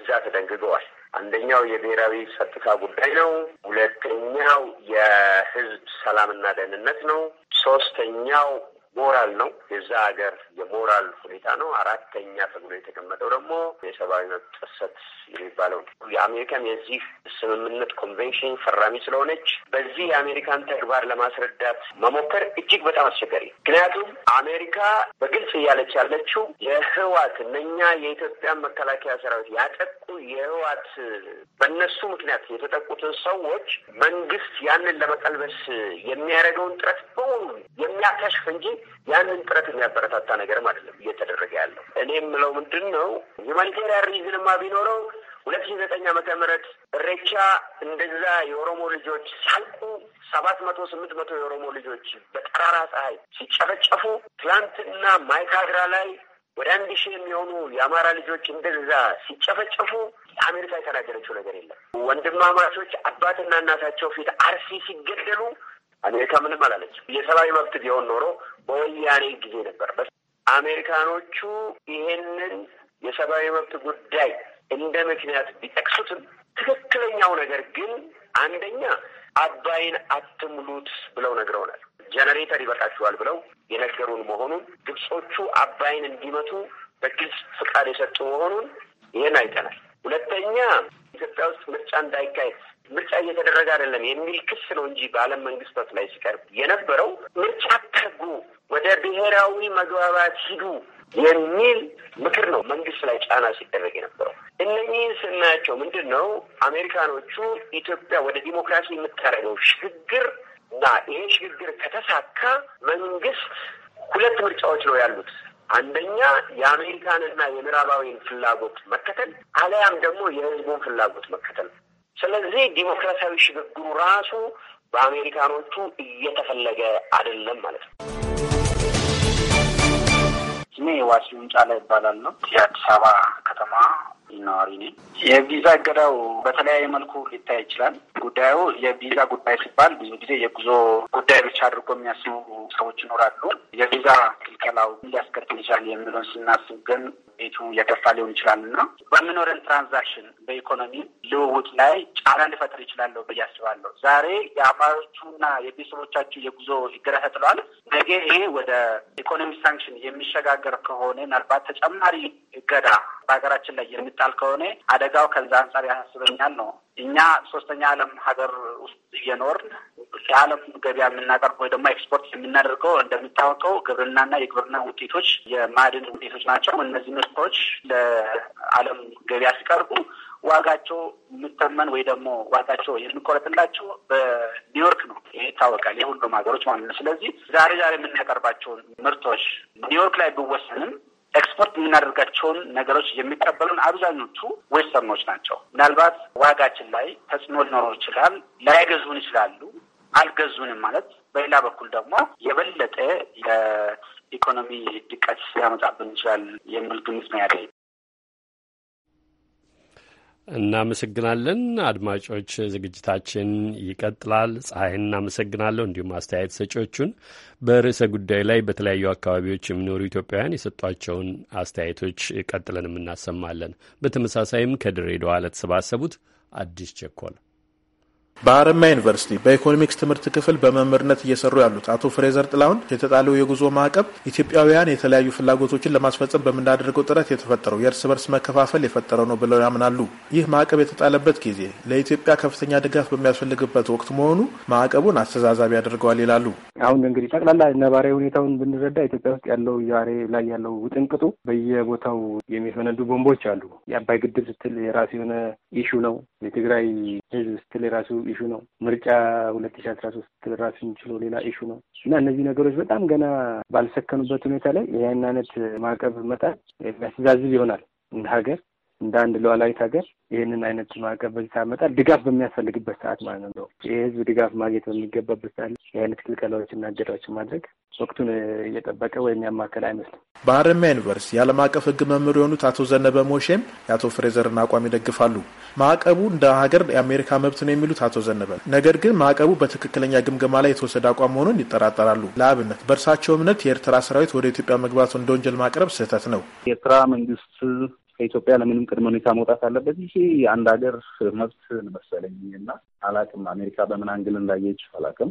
እዛ ተደንግገዋል። አንደኛው የብሔራዊ ጸጥታ ጉዳይ ነው። ሁለተኛው የህዝብ ሰላምና ደህንነት ነው። ሶስተኛው ሞራል ነው፣ የዛ ሀገር የሞራል ሁኔታ ነው። አራተኛ ተብሎ የተቀመጠው ደግሞ የሰብአዊ መብት ጥሰት የሚባለው ነው። የአሜሪካም የዚህ ስምምነት ኮንቬንሽን ፈራሚ ስለሆነች በዚህ የአሜሪካን ተግባር ለማስረዳት መሞከር እጅግ በጣም አስቸጋሪ። ምክንያቱም አሜሪካ በግልጽ እያለች ያለችው የህዋት እነኛ የኢትዮጵያን መከላከያ ሰራዊት ያጠቁ የህዋት በእነሱ ምክንያት የተጠቁትን ሰዎች መንግስት ያንን ለመቀልበስ የሚያደርገውን ጥረት በሙሉ የሚያከሽፍ እንጂ ያንን ጥረት የሚያበረታታ ነገርም አይደለም እየተደረገ ያለው። እኔ የምለው ምንድን ነው ሁማኒቴሪያን ሪዝንማ ቢኖረው ሁለት ሺ ዘጠኝ ዓመተ ምህረት እሬቻ እንደዛ የኦሮሞ ልጆች ሳልቁ ሰባት መቶ ስምንት መቶ የኦሮሞ ልጆች በጠራራ ፀሐይ ሲጨፈጨፉ ትላንትና ማይካድራ ላይ ወደ አንድ ሺህ የሚሆኑ የአማራ ልጆች እንደዛ ሲጨፈጨፉ አሜሪካ የተናገረችው ነገር የለም። ወንድማማቾች አባትና እናታቸው ፊት አርሲ ሲገደሉ አሜሪካ ምንም አላለች። የሰብአዊ መብት ቢሆን ኖሮ በወያኔ ጊዜ ነበር። አሜሪካኖቹ ይሄንን የሰብአዊ መብት ጉዳይ እንደ ምክንያት ቢጠቅሱትም ትክክለኛው ነገር ግን አንደኛ አባይን አትሙሉት ብለው ነግረውናል። ጀነሬተር ይበቃችኋል ብለው የነገሩን መሆኑን ግብጾቹ አባይን እንዲመቱ በግልጽ ፍቃድ የሰጡ መሆኑን ይህን አይተናል። ሁለተኛ ኢትዮጵያ ውስጥ ምርጫ እንዳይካሄድ ምርጫ እየተደረገ አይደለም የሚል ክስ ነው እንጂ በዓለም መንግስታት ላይ ሲቀርብ የነበረው ምርጫ ተጉ ወደ ብሔራዊ መግባባት ሂዱ የሚል ምክር ነው መንግስት ላይ ጫና ሲደረግ የነበረው። እነኚህን ስናያቸው ምንድን ነው አሜሪካኖቹ ኢትዮጵያ ወደ ዲሞክራሲ የምታደርገው ሽግግር እና ይሄ ሽግግር ከተሳካ መንግስት ሁለት ምርጫዎች ነው ያሉት። አንደኛ የአሜሪካንና የምዕራባዊን ፍላጎት መከተል፣ አለያም ደግሞ የህዝቡን ፍላጎት መከተል። ስለዚህ ዲሞክራሲያዊ ሽግግሩ ራሱ በአሜሪካኖቹ እየተፈለገ አይደለም ማለት ነው። ስሜ ዋሲ ውንጫላ ይባላል ነው የአዲስ አበባ ከተማ ነዋሪ ነኝ። የቪዛ እገዳው በተለያየ መልኩ ሊታይ ይችላል። ጉዳዩ የቪዛ ጉዳይ ሲባል ብዙ ጊዜ የጉዞ ጉዳይ ብቻ አድርጎ የሚያስቡ ሰዎች ይኖራሉ። የቪዛ ክልከላው ሊያስከትል ይችላል የሚለውን ስናስብ ግን ቤቱ የከፋ ሊሆን ይችላል እና በምኖረን ትራንዛክሽን በኢኮኖሚ ልውውጥ ላይ ጫና ሊፈጥር ይችላለሁ ብዬ አስባለሁ። ዛሬ የአፋሮቹና የቤተሰቦቻችሁ የጉዞ እገዳ ጥሏል። ነገ ይሄ ወደ ኢኮኖሚ ሳንክሽን የሚሸጋገር ከሆነ ምናልባት ተጨማሪ እገዳ በሀገራችን ላይ የሚጣል ከሆነ አደጋው ከዛ አንጻር ያሳስበኛል ነው እኛ ሶስተኛ ዓለም ሀገር ውስጥ እየኖርን የዓለም ገበያ የምናቀርበው ወይ ደግሞ ኤክስፖርት የምናደርገው እንደሚታወቀው ግብርናና የግብርና ውጤቶች የማዕድን ውጤቶች ናቸው። እነዚህ ምርቶች ለዓለም ገበያ ሲቀርቡ ዋጋቸው የምተመን ወይ ደግሞ ዋጋቸው የሚቆረጥላቸው በኒውዮርክ ነው። ይህ ይታወቃል፣ የሁሉም ሀገሮች ማለት ነው። ስለዚህ ዛሬ ዛሬ የምናቀርባቸውን ምርቶች ኒውዮርክ ላይ ብወሰንም ኤክስፖርት የምናደርጋቸውን ነገሮች የሚቀበሉን አብዛኞቹ ዌስተርኖች ናቸው። ምናልባት ዋጋችን ላይ ተጽዕኖ ሊኖረው ይችላል። ላይገዙን ይችላሉ። አልገዙንም ማለት በሌላ በኩል ደግሞ የበለጠ የኢኮኖሚ ድቀት ሊያመጣብን ይችላል የሚል ግምት ነው ያለኝ። እናመሰግናለን አድማጮች፣ ዝግጅታችን ይቀጥላል። ፀሐይን እናመሰግናለሁ፣ እንዲሁም አስተያየት ሰጪዎቹን። በርዕሰ ጉዳይ ላይ በተለያዩ አካባቢዎች የሚኖሩ ኢትዮጵያውያን የሰጧቸውን አስተያየቶች ቀጥለን እናሰማለን። በተመሳሳይም ከድሬዳዋ ለተሰባሰቡት አዲስ ቸኮል በአረማ ዩኒቨርሲቲ በኢኮኖሚክስ ትምህርት ክፍል በመምህርነት እየሰሩ ያሉት አቶ ፍሬዘር ጥላሁን የተጣለው የጉዞ ማዕቀብ ኢትዮጵያውያን የተለያዩ ፍላጎቶችን ለማስፈጸም በምናደርገው ጥረት የተፈጠረው የእርስ በርስ መከፋፈል የፈጠረው ነው ብለው ያምናሉ። ይህ ማዕቀብ የተጣለበት ጊዜ ለኢትዮጵያ ከፍተኛ ድጋፍ በሚያስፈልግበት ወቅት መሆኑ ማዕቀቡን አስተዛዛቢ ያደርገዋል ይላሉ። አሁን እንግዲህ ጠቅላላ ነባራዊ ሁኔታውን ብንረዳ ኢትዮጵያ ውስጥ ያለው ዛሬ ላይ ያለው ውጥንቅጡ በየቦታው የሚፈነዱ ቦምቦች አሉ። የአባይ ግድብ ስትል የራሱ የሆነ ኢሹ ነው። የትግራይ ህዝብ ስትል የራሱ ኢሹ ነው። ምርጫ ሁለት ሺ አስራ ሶስት ራሱን ችሎ ሌላ ኢሹ ነው እና እነዚህ ነገሮች በጣም ገና ባልሰከኑበት ሁኔታ ላይ ይህን አይነት ማዕቀብ መጣል የሚያስተዛዝብ ይሆናል እንደ ሀገር እንደ አንድ ሉዓላዊት ሀገር ይህንን አይነት ማዕቀብ በዚህ ታመጣል ድጋፍ በሚያስፈልግበት ሰዓት ማለት ነው። የህዝብ ድጋፍ ማግኘት በሚገባበት ሰዓት የአይነት እና እገዳዎችን ማድረግ ወቅቱን እየጠበቀ ወይም ያማከል አይመስልም። በሀረማያ ዩኒቨርሲቲ የዓለም አቀፍ ህግ መምህር የሆኑት አቶ ዘነበ ሞሼም የአቶ ፍሬዘርን አቋም ይደግፋሉ። ማዕቀቡ እንደ ሀገር የአሜሪካ መብት ነው የሚሉት አቶ ዘነበ፣ ነገር ግን ማዕቀቡ በትክክለኛ ግምገማ ላይ የተወሰደ አቋም መሆኑን ይጠራጠራሉ። ለአብነት በእርሳቸው እምነት የኤርትራ ሰራዊት ወደ ኢትዮጵያ መግባቱ እንደ ወንጀል ማቅረብ ስህተት ነው። የኤርትራ መንግስት ከኢትዮጵያ ለምንም ቅድመ ሁኔታ መውጣት አለበት። ይሄ የአንድ ሀገር መብት መሰለኝ እና አላቅም፣ አሜሪካ በምን አንግል እንዳየች አላቅም።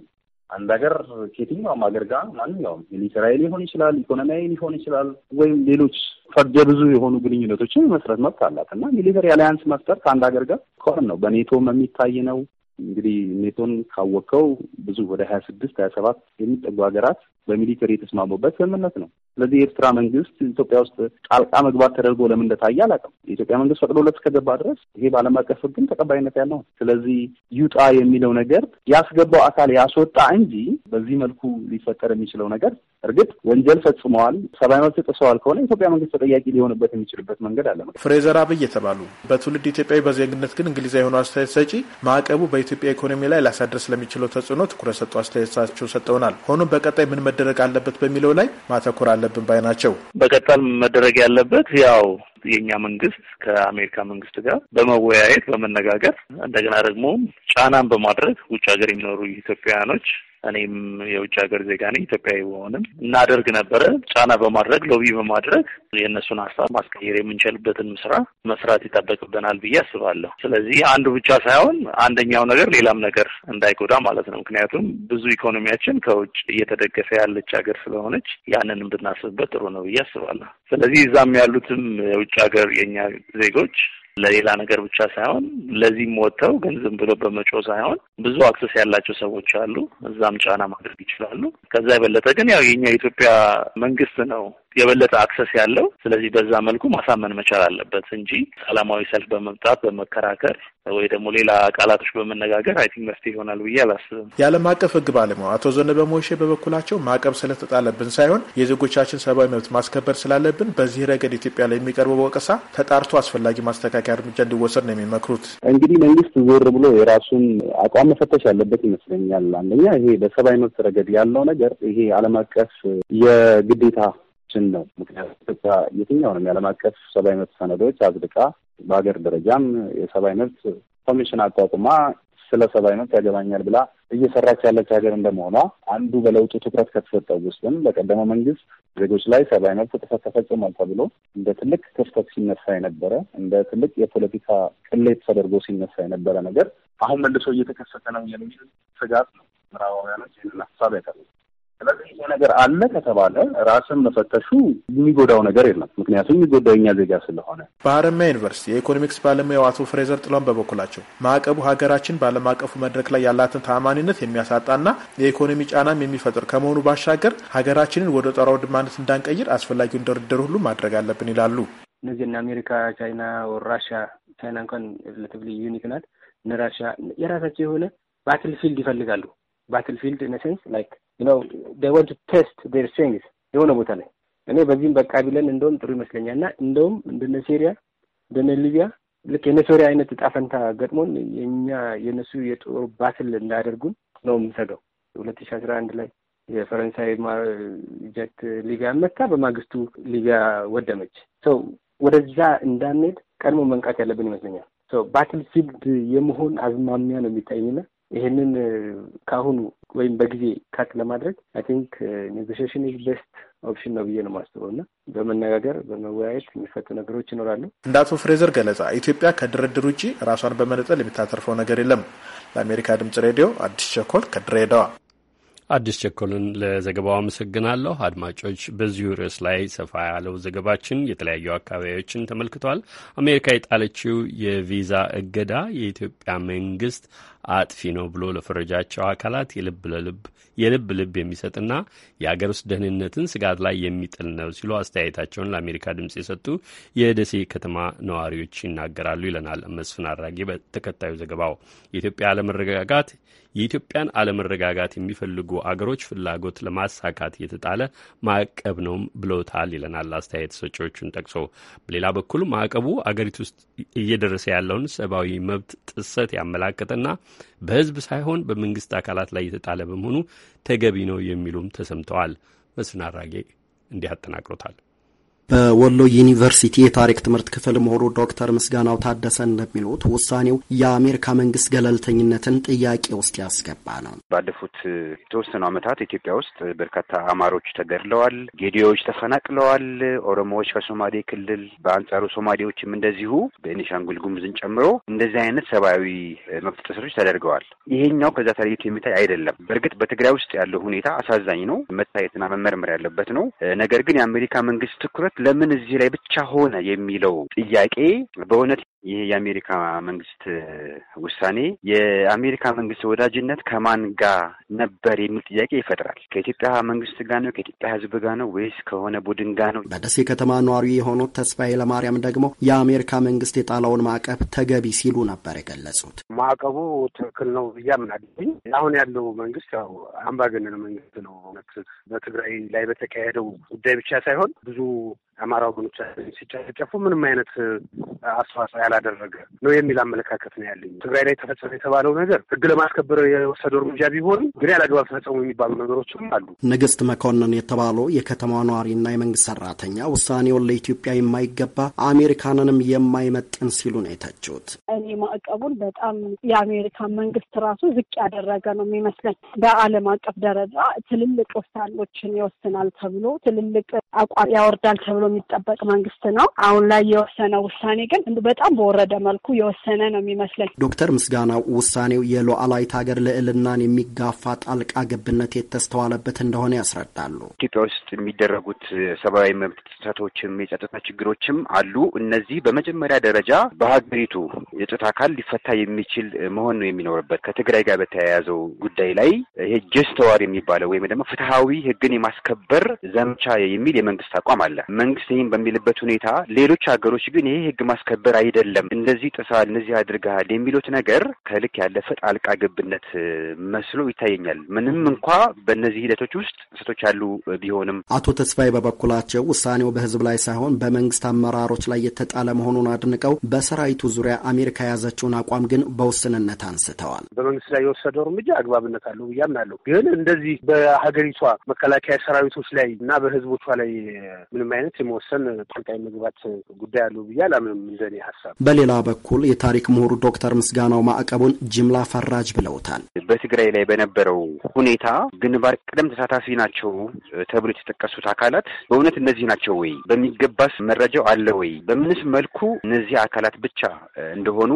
አንድ ሀገር ከየትኛውም ሀገር ጋር ማንኛውም ሚሊተራዊ ሊሆን ይችላል፣ ኢኮኖሚያዊ ሊሆን ይችላል፣ ወይም ሌሎች ፈርጀ ብዙ የሆኑ ግንኙነቶችን መስረት መብት አላት እና ሚሊተሪ አሊያንስ መፍጠር ከአንድ ሀገር ጋር ከሆን ነው በኔቶም የሚታይ ነው። እንግዲህ ኔቶን ካወቀው ብዙ ወደ ሀያ ስድስት ሀያ ሰባት የሚጠጉ ሀገራት በሚሊተሪ የተስማሙበት ስምምነት ነው። ስለዚህ የኤርትራ መንግስት ኢትዮጵያ ውስጥ ጣልቃ መግባት ተደርጎ ለምን እንደታየ አላውቅም። የኢትዮጵያ መንግስት ፈቅዶለት እስከገባ ድረስ ይሄ በዓለም አቀፍ ሕግም ተቀባይነት ያለው ስለዚህ ይውጣ የሚለው ነገር ያስገባው አካል ያስወጣ እንጂ በዚህ መልኩ ሊፈጠር የሚችለው ነገር እርግጥ ወንጀል ፈጽመዋል፣ ሰብአዊ መብት ጥሰዋል ከሆነ የኢትዮጵያ መንግስት ተጠያቂ ሊሆንበት የሚችልበት መንገድ አለ። ፍሬዘር አብይ የተባሉ በትውልድ ኢትዮጵያዊ በዜግነት ግን እንግሊዛ የሆኑ አስተያየት ሰጪ ማዕቀቡ በኢትዮጵያ ኢኮኖሚ ላይ ላሳድር ስለሚችለው ተጽዕኖ ትኩረት ሰጡ አስተያየታቸው ሰጠውናል። ሆኖም በቀጣይ ምን መደረግ አለበት በሚለው ላይ ማተኮር አለብን ባይ ናቸው። በቀጣል መደረግ ያለበት ያው የእኛ መንግስት ከአሜሪካ መንግስት ጋር በመወያየት በመነጋገር እንደገና ደግሞ ጫናን በማድረግ ውጭ ሀገር የሚኖሩ ኢትዮጵያውያኖች እኔም የውጭ ሀገር ዜጋ ነኝ፣ ኢትዮጵያዊ በሆንም እናደርግ ነበረ። ጫና በማድረግ ሎቢ በማድረግ የእነሱን ሀሳብ ማስቀየር የምንችልበትን ስራ መስራት ይጠበቅብናል ብዬ አስባለሁ። ስለዚህ አንዱ ብቻ ሳይሆን አንደኛው ነገር ሌላም ነገር እንዳይጎዳ ማለት ነው። ምክንያቱም ብዙ ኢኮኖሚያችን ከውጭ እየተደገፈ ያለች ሀገር ስለሆነች ያንን ብናስብበት ጥሩ ነው ብዬ አስባለሁ። ስለዚህ እዛም ያሉትም የውጭ ሀገር የእኛ ዜጎች ለሌላ ነገር ብቻ ሳይሆን ለዚህም ወጥተው ግን ዝም ብሎ በመጮ ሳይሆን ብዙ አክሰስ ያላቸው ሰዎች አሉ። እዛም ጫና ማድረግ ይችላሉ። ከዛ የበለጠ ግን ያው የኛ የኢትዮጵያ መንግስት ነው የበለጠ አክሰስ ያለው። ስለዚህ በዛ መልኩ ማሳመን መቻል አለበት እንጂ ሰላማዊ ሰልፍ በመምጣት በመከራከር ወይ ደግሞ ሌላ ቃላቶች በመነጋገር አይ ቲንክ መፍትሄ ይሆናል ብዬ አላስብም። የዓለም አቀፍ ሕግ ባለሙያ አቶ ዘነበ ሞሼ በበኩላቸው ማዕቀብ ስለተጣለብን ሳይሆን የዜጎቻችን ሰብአዊ መብት ማስከበር ስላለብን በዚህ ረገድ ኢትዮጵያ ላይ የሚቀርበው ወቀሳ ተጣርቶ አስፈላጊ ማስተካከያ እርምጃ እንዲወሰድ ነው የሚመክሩት። እንግዲህ መንግስት ዞር ብሎ የራሱን አቋም መፈተሽ ያለበት ይመስለኛል። አንደኛ ይሄ በሰብአዊ መብት ረገድ ያለው ነገር ይሄ ዓለም አቀፍ የግዴታ ችን ነው። ምክንያቱም ኢትዮጵያ የትኛውንም የዓለም አቀፍ ሰብአዊ መብት ሰነዶች አጽድቃ በሀገር ደረጃም የሰብአዊ መብት ኮሚሽን አቋቁማ ስለ ሰብአዊ መብት ያገባኛል ብላ እየሰራች ያለች ሀገር እንደመሆኗ አንዱ በለውጡ ትኩረት ከተሰጠው ውስጥም በቀደመው መንግስት ዜጎች ላይ ሰብአዊ መብት ጥሰት ተፈጽሟል ተብሎ እንደ ትልቅ ክፍተት ሲነሳ የነበረ እንደ ትልቅ የፖለቲካ ቅሌት ተደርጎ ሲነሳ የነበረ ነገር አሁን መልሶ እየተከሰተ ነው የሚል ስጋት ነው ምዕራባውያኖች ይህንን ሀሳብ ያቀርቡ ስለዚህ ይሄ ነገር አለ ከተባለ ራስን መፈተሹ የሚጎዳው ነገር የለም። ምክንያቱም የሚጎዳው የኛ ዜጋ ስለሆነ። በሀረማያ ዩኒቨርሲቲ የኢኮኖሚክስ ባለሙያው አቶ ፍሬዘር ጥሎን በበኩላቸው ማዕቀቡ ሀገራችን በዓለም አቀፉ መድረክ ላይ ያላትን ተአማኒነት የሚያሳጣና የኢኮኖሚ ጫናም የሚፈጥር ከመሆኑ ባሻገር ሀገራችንን ወደ ጦራው ድማነት እንዳንቀይር አስፈላጊውን ድርድር ሁሉ ማድረግ አለብን ይላሉ። እነዚህ እነ አሜሪካ፣ ቻይና፣ ራሽያ ቻይና እንኳን ሪሌቲቭሊ ዩኒክ ናት። እነ ራሽያ የራሳቸው የሆነ ባትል ፊልድ ይፈልጋሉ። ባትል ፊልድ ኢን ሴንስ ላይክ ነው ወንት ቴስት ዴር ስትሬንግዝ የሆነ ቦታ ላይ እኔ በዚህም በቃ ቢለን እንደውም ጥሩ ይመስለኛል። እና እንደውም እንደነ ሴሪያ እንደነ ሊቢያ ልክ ሶሪያ አይነት እጣ ፈንታ ገጥሞን የእኛ የእነሱ የጦር ባትል እንዳያደርጉን ነው የምሰጋው። ሁለት ሺ አስራ አንድ ላይ የፈረንሳይ ጀት ሊቢያ መታ፣ በማግስቱ ሊቢያ ወደመች። ሰው ወደዛ እንዳንሄድ ቀድሞ መንቃት ያለብን ይመስለኛል። ባትል ፊልድ የመሆን አዝማሚያ ነው የሚታይና ይህንን ከአሁኑ ወይም በጊዜ ካት ለማድረግ አይ ቲንክ ኔጎሽሽን ኢዝ ቤስት ኦፕሽን ነው ብዬ ነው የማስበው እና በመነጋገር በመወያየት የሚፈቱ ነገሮች ይኖራሉ። እንደ አቶ ፍሬዘር ገለጻ ኢትዮጵያ ከድርድር ውጭ ራሷን በመነጠል የምታተርፈው ነገር የለም። ለአሜሪካ ድምጽ ሬዲዮ አዲስ ቸኮል ከድሬዳዋ። አዲስ ቸኮልን ለዘገባው አመሰግናለሁ። አድማጮች፣ በዚሁ ርዕስ ላይ ሰፋ ያለው ዘገባችን የተለያዩ አካባቢዎችን ተመልክቷል። አሜሪካ የጣለችው የቪዛ እገዳ የኢትዮጵያ መንግስት አጥፊ ነው ብሎ ለፈረጃቸው አካላት የልብ ለልብ የልብ ልብ የሚሰጥና የአገር ውስጥ ደህንነትን ስጋት ላይ የሚጥል ነው ሲሉ አስተያየታቸውን ለአሜሪካ ድምጽ የሰጡ የደሴ ከተማ ነዋሪዎች ይናገራሉ ይለናል መስፍን አራጌ በተከታዩ ዘገባው። የኢትዮጵያ አለመረጋጋት የኢትዮጵያን አለመረጋጋት የሚፈልጉ አገሮች ፍላጎት ለማሳካት የተጣለ ማዕቀብ ነውም ብለውታል ይለናል አስተያየት ሰጪዎቹን ጠቅሶ። በሌላ በኩል ማዕቀቡ አገሪቱ ውስጥ እየደረሰ ያለውን ሰብአዊ መብት ጥሰት ያመላከተና በህዝብ ሳይሆን በመንግስት አካላት ላይ የተጣለ በመሆኑ ተገቢ ነው የሚሉም ተሰምተዋል። መስፍን አራጌ እንዲህ አጠናቅሮታል። በወሎ ዩኒቨርሲቲ የታሪክ ትምህርት ክፍል ምሁሩ ዶክተር ምስጋናው ታደሰ እንደሚሉት ውሳኔው የአሜሪካ መንግስት ገለልተኝነትን ጥያቄ ውስጥ ያስገባ ነው። ባለፉት የተወሰኑ ዓመታት ኢትዮጵያ ውስጥ በርካታ አማሮች ተገድለዋል፣ ጌዲዎች ተፈናቅለዋል፣ ኦሮሞዎች ከሶማሌ ክልል በአንጻሩ ሶማሌዎችም እንደዚሁ በቤኒሻንጉል ጉሙዝን ጨምሮ እንደዚህ አይነት ሰብአዊ መብት ጥሰቶች ተደርገዋል። ይሄኛው ከዛ ተለይቶ የሚታይ አይደለም። በእርግጥ በትግራይ ውስጥ ያለው ሁኔታ አሳዛኝ ነው፣ መታየትና መመርመር ያለበት ነው። ነገር ግን የአሜሪካ መንግስት ትኩረት ለምን እዚህ ላይ ብቻ ሆነ የሚለው ጥያቄ በእውነት ይህ የአሜሪካ መንግስት ውሳኔ የአሜሪካ መንግስት ወዳጅነት ከማን ጋር ነበር የሚል ጥያቄ ይፈጥራል። ከኢትዮጵያ መንግስት ጋር ነው? ከኢትዮጵያ ሕዝብ ጋር ነው ወይስ ከሆነ ቡድን ጋር ነው? በደሴ ከተማ ነዋሪ የሆኑት ተስፋዬ ለማርያም ደግሞ የአሜሪካ መንግስት የጣለውን ማዕቀብ ተገቢ ሲሉ ነበር የገለጹት። ማዕቀቡ ትክክል ነው ብዬ አምናለሁኝ። አሁን ያለው መንግስት ያው አምባገነን መንግስት ነው። በትግራይ ላይ በተካሄደው ጉዳይ ብቻ ሳይሆን ብዙ አማራ ወገኖቻችን ሲጨፈጨፉ ምንም አይነት አስተዋጽኦ ያላደረገ ነው የሚል አመለካከት ነው ያለኝ። ትግራይ ላይ ተፈጸመ የተባለው ነገር ህግ ለማስከበር የወሰደው እርምጃ ቢሆንም ግን ያላግባብ ተፈጸሙ የሚባሉ ነገሮችም አሉ። ንግስት መኮንን የተባለው የከተማ ነዋሪና የመንግስት ሰራተኛ ውሳኔውን ለኢትዮጵያ የማይገባ አሜሪካንንም የማይመጥን ሲሉ ነው የተቹት። እኔ ማዕቀቡን በጣም የአሜሪካን መንግስት ራሱ ዝቅ ያደረገ ነው የሚመስለኝ። በዓለም አቀፍ ደረጃ ትልልቅ ውሳኔዎችን ይወስናል ተብሎ ትልልቅ አቋም ያወርዳል ተብሎ የሚጠበቅ መንግስት ነው። አሁን ላይ የወሰነው ውሳኔ ግን በጣም በወረደ መልኩ የወሰነ ነው የሚመስለኝ። ዶክተር ምስጋናው ውሳኔው የሉዓላዊት ሀገር ልዕልናን የሚጋፋ ጣልቃ ገብነት የተስተዋለበት እንደሆነ ያስረዳሉ። ኢትዮጵያ ውስጥ የሚደረጉት ሰብአዊ መብት ጥሰቶችም የጸጥታ ችግሮችም አሉ። እነዚህ በመጀመሪያ ደረጃ በሀገሪቱ የጸጥታ አካል ሊፈታ የሚችል መሆን ነው የሚኖርበት። ከትግራይ ጋር በተያያዘው ጉዳይ ላይ ይሄ ጀስተዋር የሚባለው ወይም ደግሞ ፍትሐዊ ህግን የማስከበር ዘመቻ የሚል የመንግስት አቋም አለ። መንግስት ይህን በሚልበት ሁኔታ ሌሎች ሀገሮች ግን ይሄ ህግ ማስከበር አይደለም፣ እንደዚህ ጥሰሃል፣ እንደዚህ አድርገሃል የሚሉት ነገር ከልክ ያለፈ ጣልቃ ገብነት መስሎ ይታየኛል። ምንም እንኳ በእነዚህ ሂደቶች ውስጥ ጥሰቶች ያሉ ቢሆንም አቶ ተስፋዬ በበኩላቸው ውሳኔው በህዝብ ላይ ሳይሆን በመንግስት አመራሮች ላይ የተጣለ መሆኑን አድንቀው በሰራዊቱ ዙሪያ አሜሪካ የያዘችውን አቋም ግን በውስንነት አንስተዋል። በመንግስት ላይ የወሰደው እርምጃ አግባብነት አለው ብዬ አምናለሁ። ግን እንደዚህ በሀገሪቷ መከላከያ ሰራዊቶች ላይ እና በህዝቦቿ ላይ ምንም አይነት የመወሰን ጠንቃይ መግባት ጉዳይ አለው ብዬ አላምንም፣ እንደኔ ሀሳብ። በሌላ በኩል የታሪክ ምሁሩ ዶክተር ምስጋናው ማዕቀቡን ጅምላ ፈራጅ ብለውታል። በትግራይ ላይ በነበረው ሁኔታ ግንባር ቀደም ተሳታፊ ናቸው ተብሎ የተጠቀሱት አካላት በእውነት እነዚህ ናቸው ወይ? በሚገባስ መረጃው አለ ወይ? በምንስ መልኩ እነዚህ አካላት ብቻ እንደሆኑ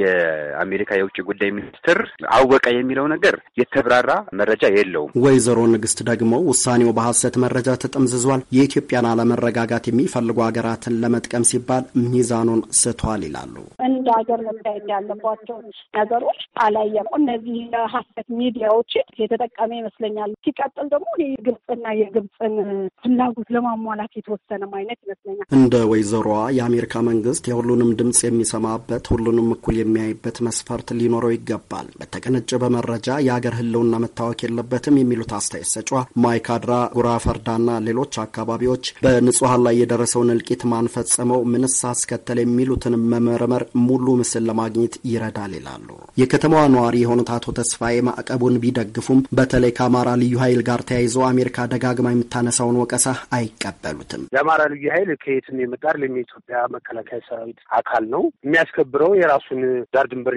የአሜሪካ የውጭ ጉዳይ ሚኒስትር አወቀ የሚለው ነገር የተብራራ መረጃ የለውም። ወይዘሮ ንግስት ደግሞ ውሳኔው በሀሰት መረጃ ተጠምዝዟል፣ የኢትዮጵያን አለመረጋ መረጋጋት የሚፈልጉ ሀገራትን ለመጥቀም ሲባል ሚዛኑን ስቷል ይላሉ። እንደ ሀገር መታየት ያለባቸው ነገሮች አላየቁ። እነዚህ የሀሰት ሚዲያዎች የተጠቀመ ይመስለኛል። ሲቀጥል ደግሞ የግብፅና የግብፅን ፍላጎት ለማሟላት የተወሰነም አይነት ይመስለኛል። እንደ ወይዘሮዋ የአሜሪካ መንግስት የሁሉንም ድምፅ የሚሰማበት ሁሉንም እኩል የሚያይበት መስፈርት ሊኖረው ይገባል። በተቀነጨበ መረጃ የሀገር ህልውና መታወክ የለበትም የሚሉት አስተያየት ሰጫ ማይካድራ፣ ጉራ ፈርዳና ሌሎች አካባቢዎች በንጹህ በባህል ላይ የደረሰውን እልቂት ማን ፈጸመው፣ ምንስ አስከተለ የሚሉትን መመርመር ሙሉ ምስል ለማግኘት ይረዳል ይላሉ። የከተማዋ ነዋሪ የሆኑት አቶ ተስፋዬ ማዕቀቡን ቢደግፉም በተለይ ከአማራ ልዩ ኃይል ጋር ተያይዞ አሜሪካ ደጋግማ የምታነሳውን ወቀሳ አይቀበሉትም። የአማራ ልዩ ኃይል ከየት ነው የኢትዮጵያ መከላከያ ሰራዊት አካል ነው። የሚያስከብረው የራሱን ዳር ድንበር፣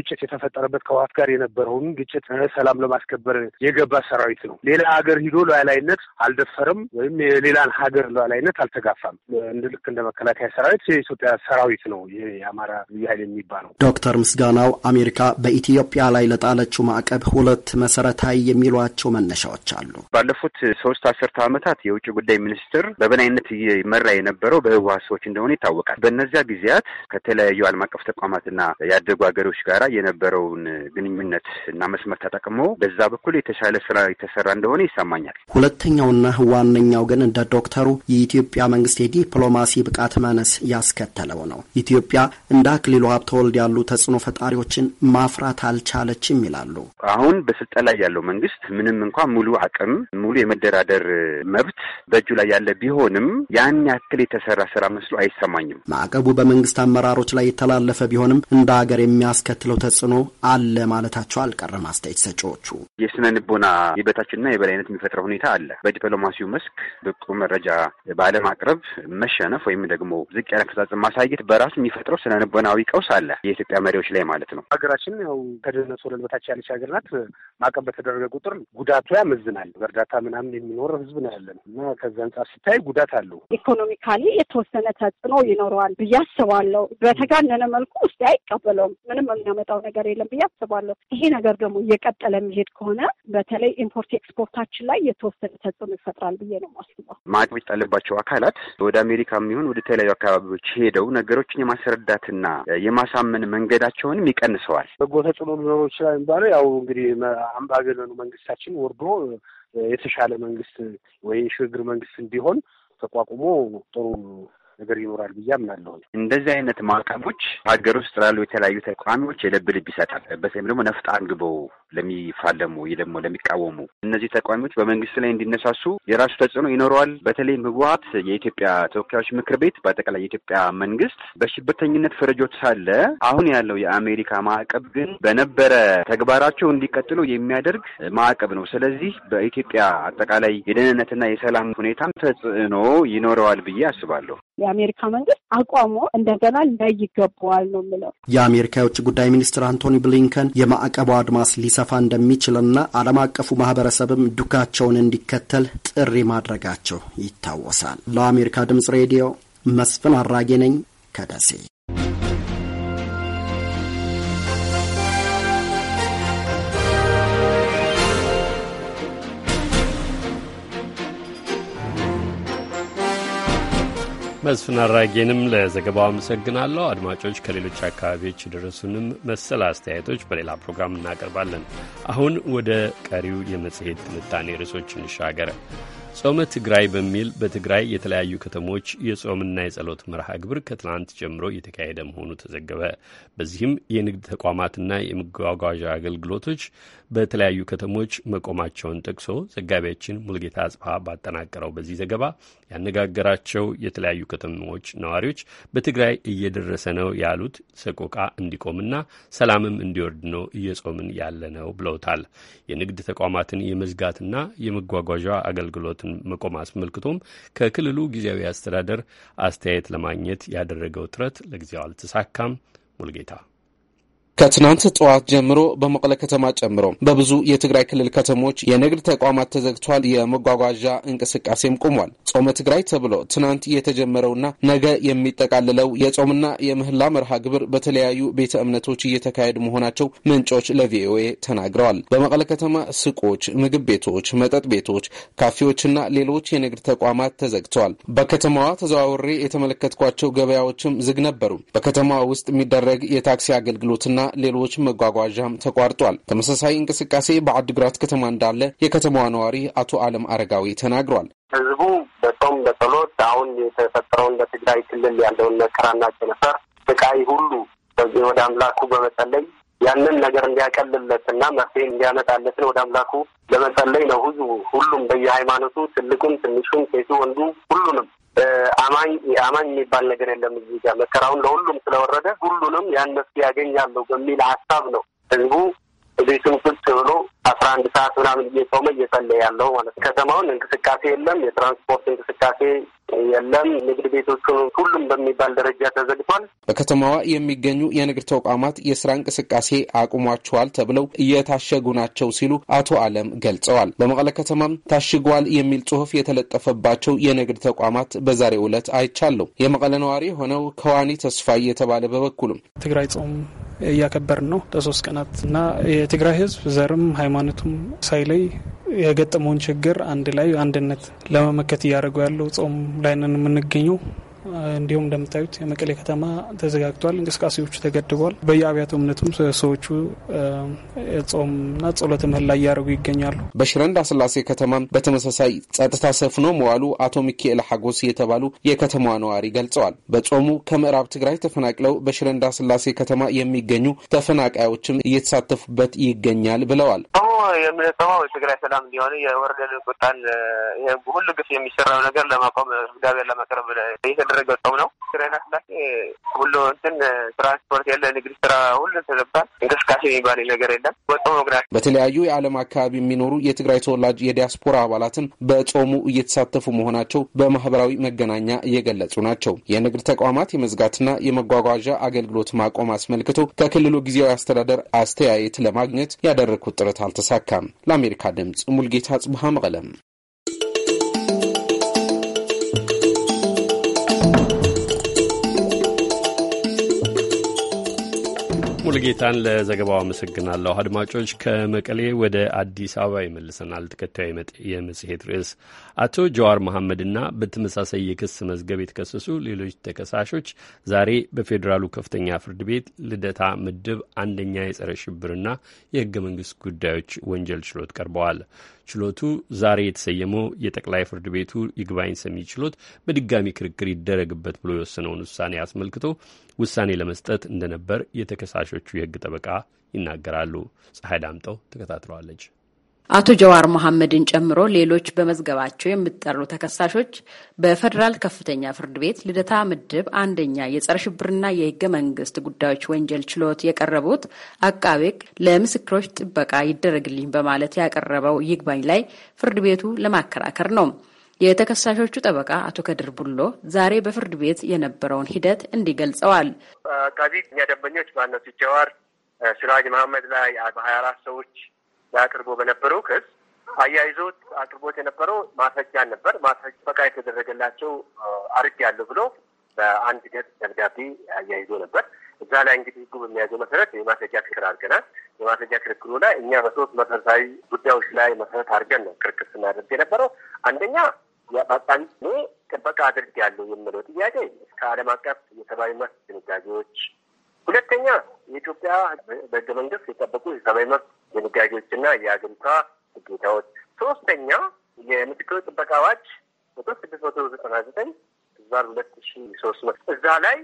ግጭት የተፈጠረበት ከዋት ጋር የነበረውን ግጭት ሰላም ለማስከበር የገባ ሰራዊት ነው። ሌላ ሀገር ሂዶ ሉዓላዊነት አልደፈርም ወይም የሌላን ሀገር ሉዓላዊነት ኃላፊነት አልተጋፋም። እንደ ልክ እንደ መከላከያ ሰራዊት የኢትዮጵያ ሰራዊት ነው ይሄ የአማራ ልዩ ኃይል የሚባለው። ዶክተር ምስጋናው አሜሪካ በኢትዮጵያ ላይ ለጣለችው ማዕቀብ ሁለት መሰረታዊ የሚሏቸው መነሻዎች አሉ። ባለፉት ሶስት አስርተ ዓመታት የውጭ ጉዳይ ሚኒስትር በበላይነት እየመራ የነበረው በህወሓት ሰዎች እንደሆነ ይታወቃል። በእነዚያ ጊዜያት ከተለያዩ ዓለም አቀፍ ተቋማትና ያደጉ ሀገሮች ጋር የነበረውን ግንኙነት እና መስመር ተጠቅሞ በዛ በኩል የተሻለ ስራ የተሰራ እንደሆነ ይሰማኛል። ሁለተኛውና ዋነኛው ግን እንደ ዶክተሩ የኢትዮጵያ መንግስት የዲፕሎማሲ ብቃት መነስ ያስከተለው ነው። ኢትዮጵያ እንደ አክሊሉ ሀብተወልድ ያሉ ተጽዕኖ ፈጣሪዎችን ማፍራት አልቻለችም ይላሉ። አሁን በስልጣን ላይ ያለው መንግስት ምንም እንኳ ሙሉ አቅም ሙሉ የመደራደር መብት በእጁ ላይ ያለ ቢሆንም ያን ያክል የተሰራ ስራ መስሎ አይሰማኝም። ማዕቀቡ በመንግስት አመራሮች ላይ የተላለፈ ቢሆንም እንደ ሀገር የሚያስከትለው ተጽዕኖ አለ ማለታቸው አልቀረም። አስተያየት ሰጪዎቹ የስነ ልቦና የበታችና የበላይነት የሚፈጥረው ሁኔታ አለ። በዲፕሎማሲው መስክ ብቁ መረጃ ባለማቅረብ መሸነፍ ወይም ደግሞ ዝቅ ያለ አፈጻጸም ማሳየት በራሱ የሚፈጥረው ስነ ልቦናዊ ቀውስ አለ የኢትዮጵያ መሪዎች ላይ ማለት ነው። ሀገራችን ያው ከድህነት ወለል በታች ያለች ሀገር ናት። ማዕቀብ በተደረገ ቁጥር ጉዳቱ ያመዝናል። በእርዳታ ምናምን የሚኖር ህዝብ ነው ያለን እና ከዚ አንጻር ሲታይ ጉዳት አለው። ኢኮኖሚካሊ የተወሰነ ተጽዕኖ ይኖረዋል ብዬ አስባለሁ። በተጋነነ መልኩ ውስጥ አይቀበለውም። ምንም የሚያመጣው ነገር የለም ብዬ አስባለሁ። ይሄ ነገር ደግሞ እየቀጠለ የሚሄድ ከሆነ በተለይ ኢምፖርት ኤክስፖርታችን ላይ የተወሰነ ተጽዕኖ ይፈጥራል ብዬ ነው የማስበው። ማዕቀብ ይጣልባቸው ያላቸው አካላት ወደ አሜሪካ ይሁን ወደ ተለያዩ አካባቢዎች ሄደው ነገሮችን የማስረዳትና የማሳመን መንገዳቸውንም ይቀንሰዋል። በጎ ተጽዕኖ ሊኖረው ይችላል የሚባለው ያው እንግዲህ አምባገነኑ መንግስታችን ወርዶ የተሻለ መንግስት ወይ የሽግግር መንግስት እንዲሆን ተቋቁሞ ጥሩ ነገር ይኖራል ብዬ አምናለሁ። እንደዚህ አይነት ማዕቀቦች ሀገር ውስጥ ላሉ የተለያዩ ተቃዋሚዎች የልብ ልብ ይሰጣል። በተለይም ደግሞ ነፍጥ አንግበው ለሚፋለሙ ወይ ደግሞ ለሚቃወሙ እነዚህ ተቃዋሚዎች በመንግስት ላይ እንዲነሳሱ የራሱ ተጽዕኖ ይኖረዋል። በተለይም ህወሀት የኢትዮጵያ ተወካዮች ምክር ቤት በአጠቃላይ የኢትዮጵያ መንግስት በሽብርተኝነት ፍረጆች ሳለ አሁን ያለው የአሜሪካ ማዕቀብ ግን በነበረ ተግባራቸው እንዲቀጥሉ የሚያደርግ ማዕቀብ ነው። ስለዚህ በኢትዮጵያ አጠቃላይ የደህንነትና የሰላም ሁኔታም ተጽዕኖ ይኖረዋል ብዬ አስባለሁ። የአሜሪካ መንግስት አቋሙ እንደገና ላይ ይገባዋል ነው የምለው። የአሜሪካ የውጭ ጉዳይ ሚኒስትር አንቶኒ ብሊንከን የማዕቀቡ አድማስ ሊሰፋ እንደሚችልና ዓለም አቀፉ ማህበረሰብም ዱካቸውን እንዲከተል ጥሪ ማድረጋቸው ይታወሳል። ለአሜሪካ ድምጽ ሬዲዮ መስፍን አራጌ ነኝ ከደሴ። መስፍን አራጌንም ለዘገባው አመሰግናለሁ። አድማጮች ከሌሎች አካባቢዎች የደረሱንም መሰል አስተያየቶች በሌላ ፕሮግራም እናቀርባለን። አሁን ወደ ቀሪው የመጽሔት ትንታኔ ርዕሶች እንሻገረ ጾመ ትግራይ በሚል በትግራይ የተለያዩ ከተሞች የጾምና የጸሎት መርሃ ግብር ከትናንት ጀምሮ እየተካሄደ መሆኑ ተዘገበ። በዚህም የንግድ ተቋማትና የመጓጓዣ አገልግሎቶች በተለያዩ ከተሞች መቆማቸውን ጠቅሶ ዘጋቢያችን ሙልጌታ አጽፋ ባጠናቀረው በዚህ ዘገባ ያነጋገራቸው የተለያዩ ከተሞች ነዋሪዎች በትግራይ እየደረሰ ነው ያሉት ሰቆቃ እንዲቆምና ሰላምም እንዲወርድ ነው እየጾምን ያለ ነው ብለውታል። የንግድ ተቋማትን የመዝጋትና የመጓጓዣ አገልግሎት አገልግሎትን መቆም አስመልክቶም ከክልሉ ጊዜያዊ አስተዳደር አስተያየት ለማግኘት ያደረገው ጥረት ለጊዜው አልተሳካም። ሙልጌታ ከትናንት ጠዋት ጀምሮ በመቀለ ከተማ ጨምሮ በብዙ የትግራይ ክልል ከተሞች የንግድ ተቋማት ተዘግቷል። የመጓጓዣ እንቅስቃሴም ቆሟል። ጾመ ትግራይ ተብሎ ትናንት የተጀመረውና ነገ የሚጠቃልለው የጾምና የምህላ መርሃ ግብር በተለያዩ ቤተ እምነቶች እየተካሄዱ መሆናቸው ምንጮች ለቪኦኤ ተናግረዋል። በመቀለ ከተማ ሱቆች፣ ምግብ ቤቶች፣ መጠጥ ቤቶች፣ ካፌዎችና ሌሎች የንግድ ተቋማት ተዘግተዋል። በከተማዋ ተዘዋውሬ የተመለከትኳቸው ገበያዎችም ዝግ ነበሩ። በከተማዋ ውስጥ የሚደረግ የታክሲ አገልግሎትና ሌሎች መጓጓዣም ተቋርጧል። ተመሳሳይ እንቅስቃሴ በአድግራት ከተማ እንዳለ የከተማዋ ነዋሪ አቶ አለም አረጋዊ ተናግሯል። ህዝቡ በጾም በጸሎት አሁን የተፈጠረውን በትግራይ ክልል ያለውን መከራና ቸነፈር ስቃይ ሁሉ በዚህ ወደ አምላኩ በመጸለይ ያንን ነገር እንዲያቀልለትና መፍትሄ እንዲያመጣለትን ወደ አምላኩ ለመጸለይ ነው። ህዝቡ ሁሉም በየሃይማኖቱ ትልቁም፣ ትንሹም፣ ሴቱ፣ ወንዱ ሁሉንም አማኝ አማኝ የሚባል ነገር የለም እዚህ ጋር መከራውን ለሁሉም ስለወረደ ሁሉንም ያን መፍትሄ ያገኛለሁ በሚል ሀሳብ ነው ህዝቡ ቤቱን ቁጭ ብሎ አስራ አንድ ሰዓት ምናምን እየጾመ እየጸለየ ያለው ማለት ነው። ከተማውን እንቅስቃሴ የለም፣ የትራንስፖርት እንቅስቃሴ የለም። ንግድ ቤቶቹ ሁሉም በሚባል ደረጃ ተዘግቷል። በከተማዋ የሚገኙ የንግድ ተቋማት የስራ እንቅስቃሴ አቁሟቸዋል ተብለው እየታሸጉ ናቸው ሲሉ አቶ አለም ገልጸዋል። በመቀለ ከተማም ታሽጓል የሚል ጽሁፍ የተለጠፈባቸው የንግድ ተቋማት በዛሬው ዕለት አይቻለሁ። የመቀለ ነዋሪ የሆነው ከዋኒ ተስፋ የተባለ በበኩሉም ትግራይ ጾም እያከበርን ነው ለሶስት ቀናት እና የትግራይ ህዝብ ዘርም ሃይማኖቱም ሳይለይ የገጠመውን ችግር አንድ ላይ አንድነት ለመመከት እያደረጉ ያለው ጾም ላይ ነን የምንገኘው። እንዲሁም እንደምታዩት የመቀሌ ከተማ ተዘጋግቷል። እንቅስቃሴዎቹ ተገድቧል። በየአብያተ እምነቱም ሰዎቹ ጾምና ጸሎተ ምህላ እያደረጉ ይገኛሉ። በሽረ እንዳስላሴ ከተማም በተመሳሳይ ጸጥታ ሰፍኖ መዋሉ አቶ ሚካኤል ሐጎስ የተባሉ የከተማዋ ነዋሪ ገልጸዋል። በጾሙ ከምዕራብ ትግራይ ተፈናቅለው በሽረ እንዳስላሴ ከተማ የሚገኙ ተፈናቃዮችም እየተሳተፉበት ይገኛል ብለዋል። የምንጠማው የትግራይ ሰላም እንዲሆን የወረደን ቁጣን ሁሉ ግፍ የሚሰራው ነገር ለማቆም እግዚአብሔር ለመቅረብ የተደረገው ጾም ነው። ትግራይና ስላሴ ሁሉ እንትን ትራንስፖርት የለ፣ ንግድ ስራ ሁሉ ተዘባል። እንቅስቃሴ የሚባል ነገር የለም። በጾሙ ምክንያት በተለያዩ የዓለም አካባቢ የሚኖሩ የትግራይ ተወላጅ የዲያስፖራ አባላትም በጾሙ እየተሳተፉ መሆናቸው በማህበራዊ መገናኛ እየገለጹ ናቸው። የንግድ ተቋማት የመዝጋትና የመጓጓዣ አገልግሎት ማቆም አስመልክቶ ከክልሉ ጊዜያዊ አስተዳደር አስተያየት ለማግኘት ያደረግኩት ጥረት አልተሳ አልተሳካም። ለአሜሪካ ድምፅ ሙልጌታ ጽቡሃ መቀለም። ሙልጌታን ለዘገባው አመሰግናለሁ። አድማጮች ከመቀሌ ወደ አዲስ አበባ ይመልሰናል። ተከታዩ የመጽሔት ርዕስ አቶ ጀዋር መሐመድና በተመሳሳይ የክስ መዝገብ የተከሰሱ ሌሎች ተከሳሾች ዛሬ በፌዴራሉ ከፍተኛ ፍርድ ቤት ልደታ ምድብ አንደኛ የጸረ ሽብርና የህገ መንግስት ጉዳዮች ወንጀል ችሎት ቀርበዋል። ችሎቱ ዛሬ የተሰየመው የጠቅላይ ፍርድ ቤቱ ይግባኝ ሰሚ ችሎት በድጋሚ ክርክር ይደረግበት ብሎ የወሰነውን ውሳኔ አስመልክቶ ውሳኔ ለመስጠት እንደነበር የተከሳሾቹ የህግ ጠበቃ ይናገራሉ። ፀሐይ ዳምጠው ተከታትለዋለች። አቶ ጀዋር መሐመድን ጨምሮ ሌሎች በመዝገባቸው የሚጠሩ ተከሳሾች በፌዴራል ከፍተኛ ፍርድ ቤት ልደታ ምድብ አንደኛ የጸረ ሽብርና የህገ መንግስት ጉዳዮች ወንጀል ችሎት የቀረቡት አቃቤ ለምስክሮች ጥበቃ ይደረግልኝ በማለት ያቀረበው ይግባኝ ላይ ፍርድ ቤቱ ለማከራከር ነው። የተከሳሾቹ ጠበቃ አቶ ከድር ቡሎ ዛሬ በፍርድ ቤት የነበረውን ሂደት እንዲህ ገልጸዋል። አቃቢ እኛ ደንበኞች ማነቱ ጀዋር፣ ሲራጅ መሐመድ ላይ በሀያ አራት ሰዎች ላይ አቅርቦ በነበረው ክስ አያይዞ አቅርቦት የነበረው ማስረጃ ነበር። ማስረጃ በቃ የተደረገላቸው አርግ ያለው ብሎ በአንድ ገጽ ደብዳቤ አያይዞ ነበር። እዛ ላይ እንግዲህ ህጉ በሚያዘው መሰረት የማስረጃ ክርክር አድርገናል። የማስረጃ ክርክሩ ላይ እኛ በሶስት መሰረታዊ ጉዳዮች ላይ መሰረት አድርገን ነው ክርክር ስናደርግ የነበረው። አንደኛ በጣም ጥበቃ አድርግ ያለው የምለው ጥያቄ ከዓለም አቀፍ የሰብአዊ መብት ድንጋጌዎች ሁለተኛ የኢትዮጵያ በህገ መንግስት የጠበቁ የሰብአዊ መብት ድንጋጌዎችና የአገሪቷ ግዴታዎች፣ ሶስተኛ የምስክሮች ጥበቃ አዋጅ ቁጥር ስድስት መቶ ዘጠና ዘጠኝ ዛር ሁለት ሺ ሶስት መቶ እዛ ላይ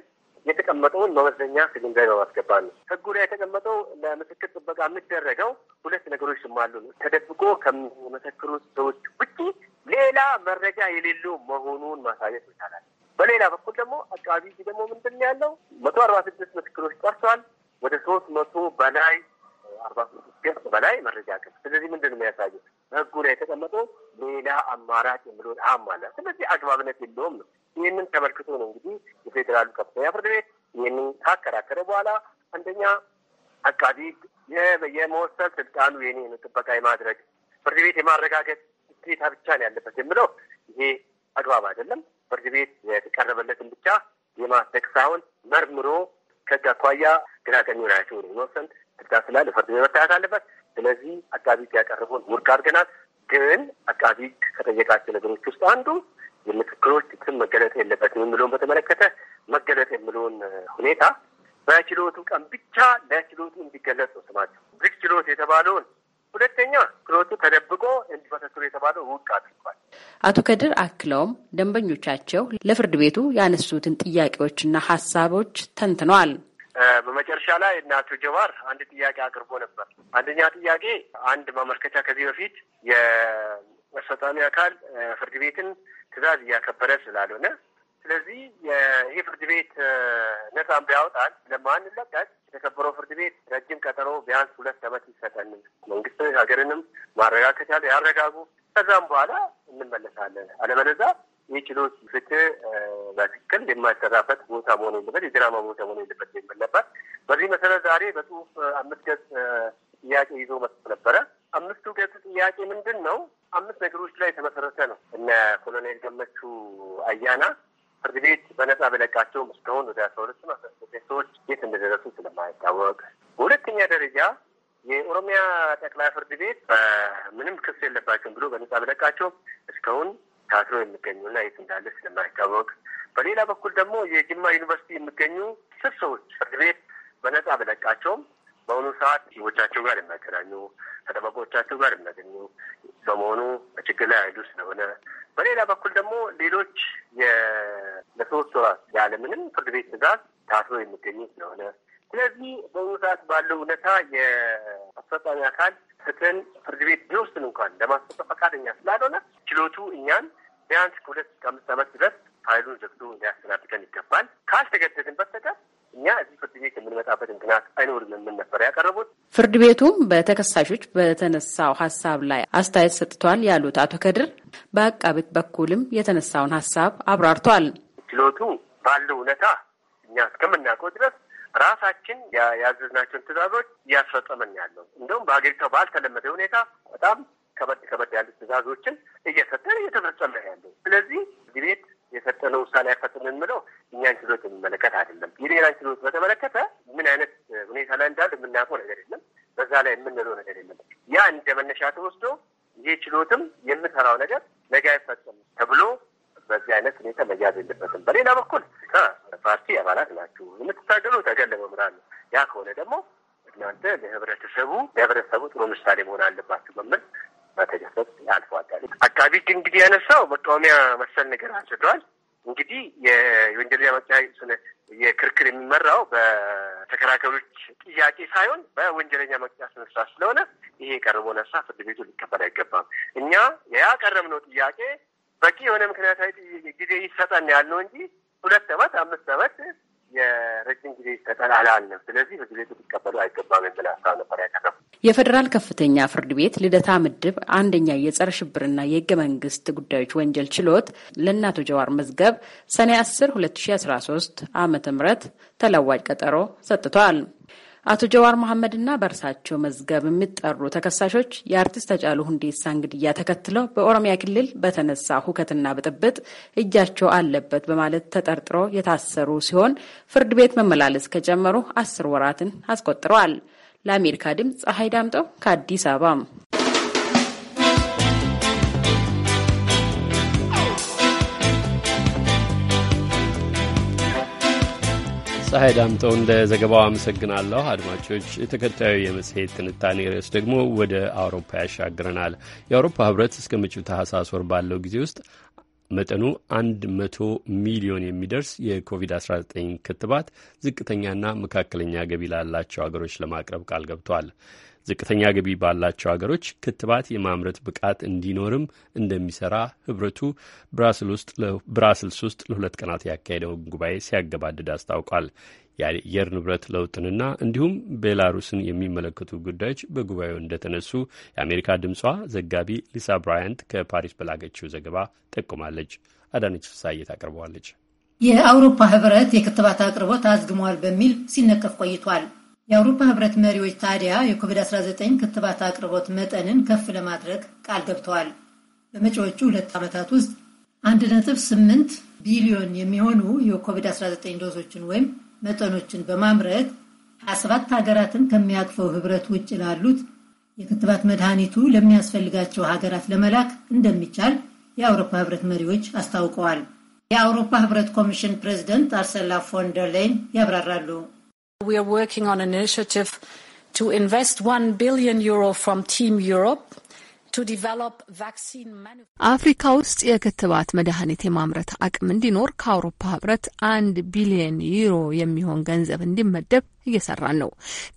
የተቀመጠውን መመዘኛ ከግንዛቤ በማስገባት ነው። ህጉ ላይ የተቀመጠው ለምስክር ጥበቃ የሚደረገው ሁለት ነገሮች ስማሉ ነው። ተደብቆ ከሚመሰክሩት ሰዎች ውጪ ሌላ መረጃ የሌለው መሆኑን ማሳየት ይቻላል። በሌላ በኩል ደግሞ አቃቢ ደግሞ ምንድን ያለው መቶ አርባ ስድስት ምስክሮች ጠርቷል። ወደ ሶስት መቶ በላይ አርባ ስድስት ገጽ በላይ መረጃ ገጽ። ስለዚህ ምንድን ነው የሚያሳየው በህጉ ላይ የተቀመጠው ሌላ አማራጭ የሚለውን አም አለ። ስለዚህ አግባብነት የለውም ነው። ይህንን ተመልክቶ ነው እንግዲህ የፌዴራሉ ከፍተኛ ፍርድ ቤት ይህንን ካከራከረ በኋላ አንደኛ አቃቢ የመወሰን ስልጣኑ የኔ ነው፣ ጥበቃ የማድረግ ፍርድ ቤት የማረጋገጥ ግዴታ ብቻ ነው ያለበት የምለው ይሄ አግባብ አይደለም። ፍርድ ቤት የተቀረበለትን ብቻ የማስደቅ ሳይሆን መርምሮ ከህግ አኳያ ግራ ቀኝ ሆናቸው ነው መወሰን ትዳ ስላለ ፍርድ ቤት መታየት አለበት። ስለዚህ አቃቢ ህግ ያቀረበውን ውድቅ አድርገናል። ግን አቃቢ ህግ ከጠየቃቸው ነገሮች ውስጥ አንዱ የምስክሮች ጥቅም መገለጥ የለበትም የሚለውን በተመለከተ መገለጥ የምለውን ሁኔታ በችሎቱ ቀን ብቻ ለችሎቱ እንዲገለጽ ነው ስማቸው ዝግ ችሎት የተባለውን ሁለተኛ ክሎቱ ተደብቆ እንዲመሰክሩ የተባለው ውድቅ አድርጓል። አቶ ከድር አክለውም ደንበኞቻቸው ለፍርድ ቤቱ ያነሱትን ጥያቄዎችና ሀሳቦች ተንትነዋል። በመጨረሻ ላይ እና አቶ ጀዋር አንድ ጥያቄ አቅርቦ ነበር። አንደኛ ጥያቄ አንድ ማመልከቻ ከዚህ በፊት የአስፈጻሚ አካል ፍርድ ቤትን ትዕዛዝ እያከበረ ስላልሆነ ስለዚህ ይህ ፍርድ ቤት ነፃም ቢያወጣል ለማን ለቀቅ የተከበረው ፍርድ ቤት ረጅም ቀጠሮ ቢያንስ ሁለት ዓመት ይሰጠን፣ መንግስት ሀገርንም ማረጋገጥ ያለ ያረጋጉ፣ ከዛም በኋላ እንመለሳለን። አለበለዚያ ይህ ችሎት ፍትህ በትክክል የማይሰራበት ቦታ መሆን የለበት፣ የድራማ ቦታ መሆን የለበት ነበር። በዚህ መሰረት ዛሬ በጽሁፍ አምስት ገጽ ጥያቄ ይዞ መጥቶ ነበረ። አምስቱ ገጽ ጥያቄ ምንድን ነው? አምስት ነገሮች ላይ የተመሰረተ ነው። እነ ኮሎኔል ገመቹ አያና ፍርድ ቤት በነጻ በለቃቸውም እስካሁን ወደ አስራ ሁለት አስራ ስምንት ሰዎች የት እንደደረሱ ስለማይታወቅ፣ በሁለተኛ ደረጃ የኦሮሚያ ጠቅላይ ፍርድ ቤት በምንም ክስ የለባቸውም ብሎ በነጻ በለቃቸው እስካሁን ታስረው የሚገኙና የት እንዳለ ስለማይታወቅ፣ በሌላ በኩል ደግሞ የጅማ ዩኒቨርሲቲ የሚገኙ ስብ ሰዎች ፍርድ ቤት በነጻ በለቃቸውም በአሁኑ ሰዓት ህይወቻቸው ጋር የሚያገናኙ ከጠበቆቻቸው ጋር የሚያገኙ በመሆኑ በችግር ላይ አይሉ ስለሆነ፣ በሌላ በኩል ደግሞ ሌሎች ለሶስት ወራት ያለምንም ፍርድ ቤት ትዕዛዝ ታስሮ የሚገኙ ስለሆነ ስለዚህ በአሁኑ ሰዓት ባለው እውነታ የአስፈጻሚ አካል ፍትህን ፍርድ ቤት ቢወስን እንኳን ለማስፈጸ ፈቃደኛ ስላልሆነ ችሎቱ እኛን ቢያንስ ከሁለት ከአምስት አምስት ዓመት ድረስ ፋይሉን ዘግቶ ሊያስተናግደን ይገባል። ካልተገደድን በስተቀር እኛ እዚህ ፍርድ ቤት የምንመጣበት ምክንያት አይኖርም የምን ነበር ያቀረቡት። ፍርድ ቤቱም በተከሳሾች በተነሳው ሀሳብ ላይ አስተያየት ሰጥቷል ያሉት አቶ ከድር በአቃቤት በኩልም የተነሳውን ሀሳብ አብራርቷል። ችሎቱ ባለው እውነታ እኛ እስከምናውቀው ድረስ ራሳችን ያዘዝናቸውን ትእዛዞች እያስፈጸመን ያለው እንደውም በሀገሪቷ ባልተለመደ ሁኔታ በጣም ከበድ ከበድ ያሉት ትእዛዞችን እየሰጠን እየተፈጸመ ያለው ስለዚህ ቤት የሰጠነው ውሳኔ አይፈጽም የምለው እኛን ችሎት የሚመለከት አይደለም። የሌላን ችሎት በተመለከተ ምን አይነት ሁኔታ ላይ እንዳለ የምናውቀው ነገር የለም። በዛ ላይ የምንለው ነገር የለም። ያ እንደ መነሻ ተወስዶ ይሄ ችሎትም የምሰራው ነገር ነገ አይፈጽም ተብሎ በዚህ አይነት ሁኔታ መያዝ የለበትም። በሌላ በኩል ፓርቲ አባላት ናችሁ የምትታገሉ ተገን ለመምራት ነው። ያ ከሆነ ደግሞ እናንተ ለህብረተሰቡ ለህብረተሰቡ ጥሩ ምሳሌ መሆን አለባችሁ በምል በተደሰት አልፈዋታል። አቃቢ ሕግ እንግዲህ ያነሳው መቃወሚያ መሰል ነገር አንስተዋል። እንግዲህ የወንጀለኛ መቅጫ የክርክር የሚመራው በተከራካሪዎች ጥያቄ ሳይሆን በወንጀለኛ መቅጫ ስነ ስለሆነ ይሄ የቀረበውን ነሳ ፍርድ ቤቱ ሊቀበል አይገባም። እኛ ያቀረብነው ጥያቄ በቂ የሆነ ምክንያታዊ ጊዜ ይሰጠን ያልነው እንጂ ሁለት ዓመት አምስት ዓመት የረጅም ጊዜ ቀጠና አላለም። ስለዚህ ፍርድ ቤቱ ሊቀበሉ አይገባም የሚል ሀሳብ ነበር ያቀረቡ። የፌዴራል ከፍተኛ ፍርድ ቤት ልደታ ምድብ አንደኛ የጸረ ሽብርና የህገ መንግስት ጉዳዮች ወንጀል ችሎት ለእነ ጀዋር መዝገብ ሰኔ 10 2013 ዓ ም ተለዋጭ ቀጠሮ ሰጥቷል። አቶ ጀዋር መሐመድና በእርሳቸው መዝገብ የሚጠሩ ተከሳሾች የአርቲስት ተጫሉ ሁንዴሳ እንግድያ ተከትለው በኦሮሚያ ክልል በተነሳ ሁከትና ብጥብጥ እጃቸው አለበት በማለት ተጠርጥሮ የታሰሩ ሲሆን ፍርድ ቤት መመላለስ ከጀመሩ አስር ወራትን አስቆጥረዋል። ለአሜሪካ ድምፅ ፀሐይ ዳምጠው ከአዲስ አበባ ፀሐይ ዳምጠው እንደ ዘገባው አመሰግናለሁ። አድማጮች፣ ተከታዩ የመጽሔት ትንታኔ ርዕስ ደግሞ ወደ አውሮፓ ያሻግረናል። የአውሮፓ ህብረት እስከ መጪው ታህሳስ ወር ባለው ጊዜ ውስጥ መጠኑ 100 ሚሊዮን የሚደርስ የኮቪድ-19 ክትባት ዝቅተኛና መካከለኛ ገቢ ላላቸው አገሮች ለማቅረብ ቃል ገብቷል። ዝቅተኛ ገቢ ባላቸው ሀገሮች ክትባት የማምረት ብቃት እንዲኖርም እንደሚሰራ ህብረቱ ብራስልስ ውስጥ ለሁለት ቀናት ያካሄደውን ጉባኤ ሲያገባድድ አስታውቋል። የአየር ንብረት ለውጥንና እንዲሁም ቤላሩስን የሚመለከቱ ጉዳዮች በጉባኤው እንደተነሱ የአሜሪካ ድምጿ ዘጋቢ ሊሳ ብራያንት ከፓሪስ በላገችው ዘገባ ጠቁማለች። አዳነች ፍሳዬ ታቀርበዋለች። የአውሮፓ ህብረት የክትባት አቅርቦት አዝግሟል በሚል ሲነቀፍ ቆይቷል። የአውሮፓ ህብረት መሪዎች ታዲያ የኮቪድ-19 ክትባት አቅርቦት መጠንን ከፍ ለማድረግ ቃል ገብተዋል። በመጪዎቹ ሁለት ዓመታት ውስጥ 1.8 ቢሊዮን የሚሆኑ የኮቪድ-19 ዶዞችን ወይም መጠኖችን በማምረት 27 ሀገራትን ከሚያቅፈው ህብረት ውጭ ላሉት የክትባት መድኃኒቱ ለሚያስፈልጋቸው ሀገራት ለመላክ እንደሚቻል የአውሮፓ ህብረት መሪዎች አስታውቀዋል። የአውሮፓ ህብረት ኮሚሽን ፕሬዚደንት አርሰላ ፎንደርላይን ያብራራሉ። We are working on an initiative to invest 1 billion euro from Team Europe አፍሪካ ውስጥ የክትባት መድኃኒት የማምረት አቅም እንዲኖር ከአውሮፓ ህብረት አንድ ቢሊየን ዩሮ የሚሆን ገንዘብ እንዲመደብ እየሰራን ነው።